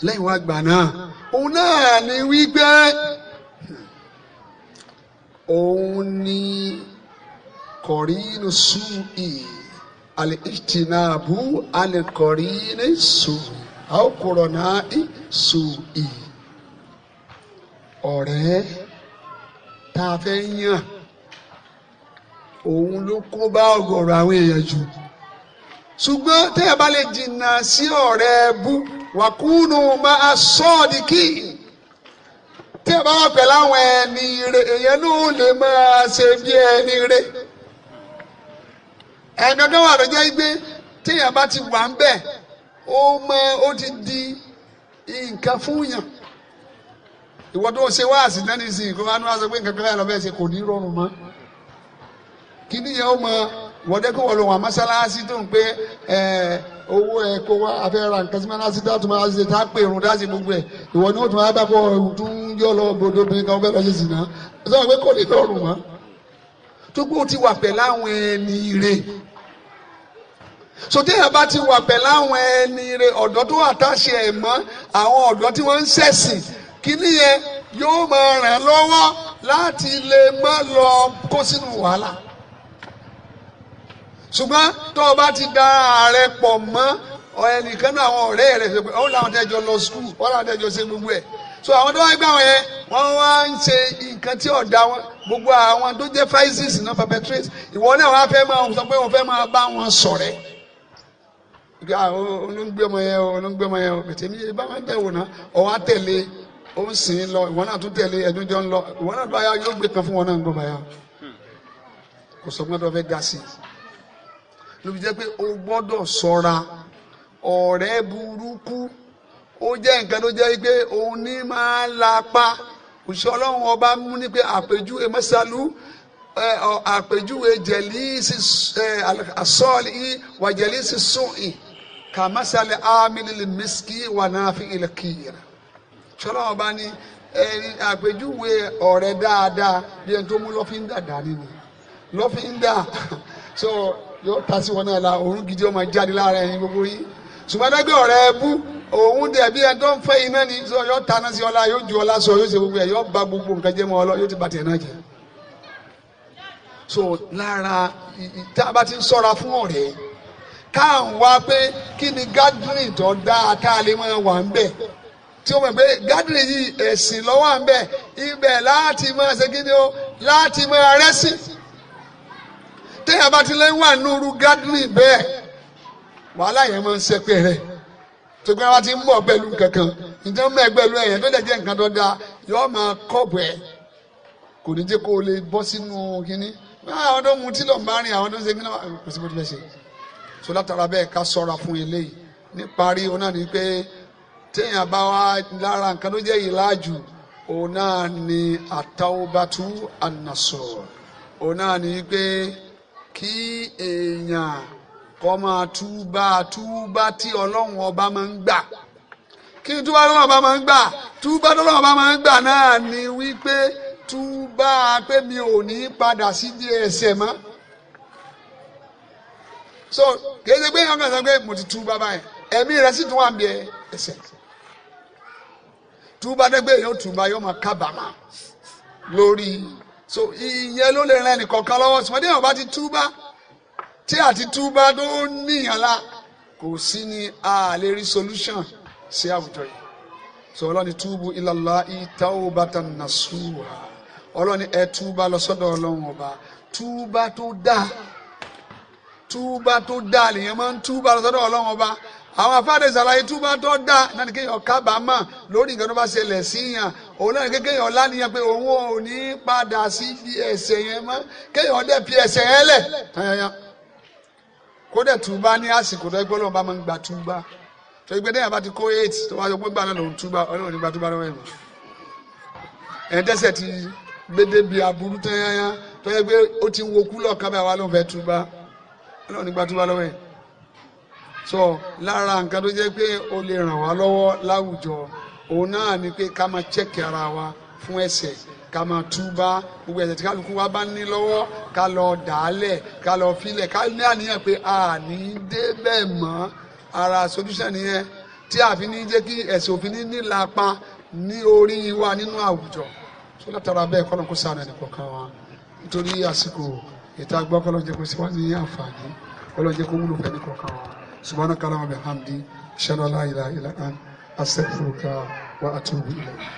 lẹ́yìn wá gbà náà òun náà ni wí gbé òun ni kọ̀rínù sùúì alìtìnàbù alìkọ̀rínù sùúì àwòkùrọ̀ náà sùúì ọ̀rẹ́ tá a fẹ́ yàn òun ló kó bá ọ̀gọ̀rọ̀ àwọn èèyàn jù ṣùgbọ́n tẹ́ ẹ bá lè jìnnà sí ọ̀rẹ́ bú wàkúnù máa sọ́ọ̀dì kíì tí ẹ bá wà pẹ̀lú àwọn ẹni ire èèyàn náà lè máa ṣe bí ẹni ire ẹni ọdún wà ló jẹ́ gbé téèyàn bá ti wà ń bẹ̀ ó mọ ó ti di nǹkan fún yàn ìwọ tó ṣe wá àsìdá ní ìsìn ìkó anú aṣọ pé nǹkan kan lọ bẹ́ẹ̀ ṣe kò ní rọrùn mọ́ kí nìyẹn ó mọ ìwọ́dẹ́kọ̀wọ́ lòun àmọ́ṣáláṣí tó ń pé ẹ̀ẹ́ owó ẹ kó wá afẹ́ ra nǹkan sí mẹ́ta sí dáàtú máa ṣe tá a pè irun dáàsì gbogbo ẹ̀ ìwọ ni ó tún máa bá kó tún yọ lọ bòdó obìnrin kan bẹ́ẹ̀ lọ́sẹ̀ sí náà sọ pé kò ní lọ́rùn mọ́ tógbó ti wà pẹ̀ láwọn ẹni rè sotí ẹ̀ bá ti wà pẹ̀ láwọn ẹni rè ọ̀dọ́ tó àtàṣe ẹ̀ mọ́ àwọn ọ̀dọ́ tí wọ́n ń ṣẹ̀sìn kíní yẹn yóò máa ràn lọ́wọ́ láti lè má lọ kó sínú wàhálà ṣùgbọ́n tó o bá ti da ààrẹ pọ̀ mọ́ ọ̀rẹ́ nìkan náà àwọn ọ̀rẹ́ rẹ̀ ṣe pé ó làwọn tẹ́jọ lọ skul ó làwọn tẹ́jọ ṣe gbogbo ẹ̀ so àwọn tó wá gbà wọn yẹn wọ́n wá ń ṣe nǹkan tí ọ̀dà wọn gbogbo àwọn tó jẹ́ physics náà perpetrate ìwọ náà wọ́n á fẹ́ máa sọ pé wọ́n fẹ́ máa bá wọn ṣọ̀rẹ́ olóńgbé ọmọ yẹn olóńgbé ọmọ yẹn bẹ̀tẹ̀ mi bá wọn bẹ̀ wò ná ọ̀wá tẹ̀lé ó ń sìn ín lọ ìwọ náà tún tẹ̀lé ẹ̀dún jọ ń lọ ìwọ náà tó ayá yóò gbé kan fún sí i ló fi jẹ́ pé o gbọ́dọ̀ ṣọ́ra ọ̀rẹ́ burúkú ó jẹ́ nǹkan tó jẹ́ pé òun ní máa lapa òṣìṣẹ́ ọlọ́run ọba mú ní pé àpèjúwe mọ́sálú àpèjúwe jẹ̀lísì àsọ́ọ̀lì wà jẹ̀lísì sùnì kà mọ́sálẹ̀ ámìlì mẹ́sìkì wà náà fi ilẹ̀ kìíra òṣìṣẹ́ ọlọ́run ọba ní àpèjúwe ọ̀rẹ́ dáadáa bí ẹni tó mú lọ́fíńdà dání ni lọ́fíńdà so yóò tasi wọn náà la òórùn gidi ọmọ jáde lára ẹni gbogbo yín sùgbọ́dọ́gbẹ́ ọ̀rẹ́ bú òun dẹ̀ bí ẹni tó ń fẹ́ iná ni sọ yóò tana sí ọlá yóò ju ọlá sọ yóò ṣe gbogbo ẹ̀ yóò ba gbogbo nǹkan jẹ́ mọ́ ọlọ́ yóò ti ba tiẹ̀ náà jẹ́ so lára tá a bá ti ń sọ́ra fún ọ̀rẹ́ ká ń wá pé kí ni gádùnì tó dáa tá a lè máa wà ń bẹ̀ tí ó mọ̀ pé gádùnì yìí ẹ̀sìn lọ́wọ́ à ń bẹ̀ ibẹ̀ láti máa ṣe kí ni ó láti máa rẹ́sìn téèyàn bá ti lẹ́yìn wà nínú gádùnì bẹ́ẹ̀ wàhálà yẹn máa ń sẹ́pẹ̀ rẹ̀ tókè wá ti ń bọ̀ pẹ̀lú kankan ìjọba mẹ́ pẹ̀lú ẹ̀yẹn tó dẹ̀ jẹ́ nǹkan tó dáa yọ́ọ́ máa kọ́ọ̀bù ẹ̀ kò ní jẹ́ kó o lè bọ́ sínú kínní àwọn tó mu tí lọ bá rìn àwọn tó ń ṣe kínní kò sí bó tilẹ̀ ṣe so látara bẹ́ẹ̀ ká sọ́ra fún eléyìí níparí òun náà ni pé téèyàn bá wá lára nǹkan tó jẹ́ ìlàjù òun náà ni àtàwọ̀bátú ànàsọ̀ òun náà ni pé kí èèyàn kọ́ máa túbà túbà tí ọlọ́run ọba máa ń gbà kí túbà tọ́lọ́run ọba máa ń gbà túbà tọ́lọ́run ọba máa ń gbà náà ni wípé túbà pé mi ò ní padà síbi ẹ̀ṣẹ̀ mọ́ so kì í ṣe pé èèyàn kan sọ pé mo ti túbà báyìí ẹ̀mí rẹ̀ sì tún wà ń bẹ ẹ̀ṣẹ̀ túbà dẹ́gbẹ́ èèyàn túbà yóò máa kábàámà lórí so ìyẹn ló lè ràn ẹnìkọ̀ọ̀kan lọ́wọ́ sùmọ́dé yẹn ò bá ti túbá tí àti túbá tó níyàn la kò sí ni a lè rí solution sí àwùjọ yìí so ọlọ́ni túbú ilàlá ìtawbatan nasuha ọlọ́ni ẹ túbá lọ sọ́dọ̀ ọlọ́run ọba túbá tó dáa túbá tó dáa lèyàn máa ń túbá lọ sọ́dọ̀ ọlọ́run ọba àwọn afáàdé ṣàlàyé túbá tó dá náà ni kéèyàn kábàámà lórí nǹkan tó bá ṣẹlẹ̀ síyàn òun náà ni kéèyàn láníyàn pé òun ò ní padà sí fi ẹ̀ṣẹ̀ yẹn mọ́ kéèyàn dẹ̀ fi ẹ̀ṣẹ̀ yẹn lẹ̀ tanyanyan kó dẹ̀ túbá ní àsìkò tó ẹgbẹ́ ọlọ́run bá máa ń gba túbá tó ẹgbẹ́ dẹ́yìn bá ti kó eight tó wá yọ pé gbà náà lòun túbá ọlọ́run ní gba túbá lọ́wọ́ ẹ̀ mọ́ ẹ̀ dẹ́ṣẹ̀ ti gbédébi aburú tanyanyan tó ẹgbẹ́ ó ti wokú lọ́ọ̀kan báyà wà lóun fẹ́ túbá ọlọ́run ní gba túbá lọ́wọ́ ẹ̀ so lára nǹkan tó jẹ́ pé o lè ràn wá lọ́wọ́ láwùjọ òun náà ni pé ká máa chẹ́kì ara wa fún ẹ̀ṣẹ̀ ká máa túbá gbogbo ẹ̀ṣẹ̀ tí kálukú wa bá ní lọ́wọ́ ká lọ dàálẹ̀ ká lọ filẹ̀ ká ní àníyàn pé a ní débẹ̀ mọ́ ara solution nìyẹn tí àfi ní jẹ́ kí ẹ̀ṣẹ̀ òfin ní lápá ní orí wa nínú àwùjọ tó látara bẹ́ẹ̀ kọ́nà kó sànà ẹnì kọ̀ọ̀kan wa nítorí àsìkò ìta gbọ́ kọ́nà jẹ́ kó síwájú ní àǹfààní kọ́nà jẹ́ kó wúlò fẹ́ ní kọ̀ọ̀kan wa subhanaka allahumma bihamdi ashhadu an la ilaha illa anta astaghfiruka wa atubu ilayk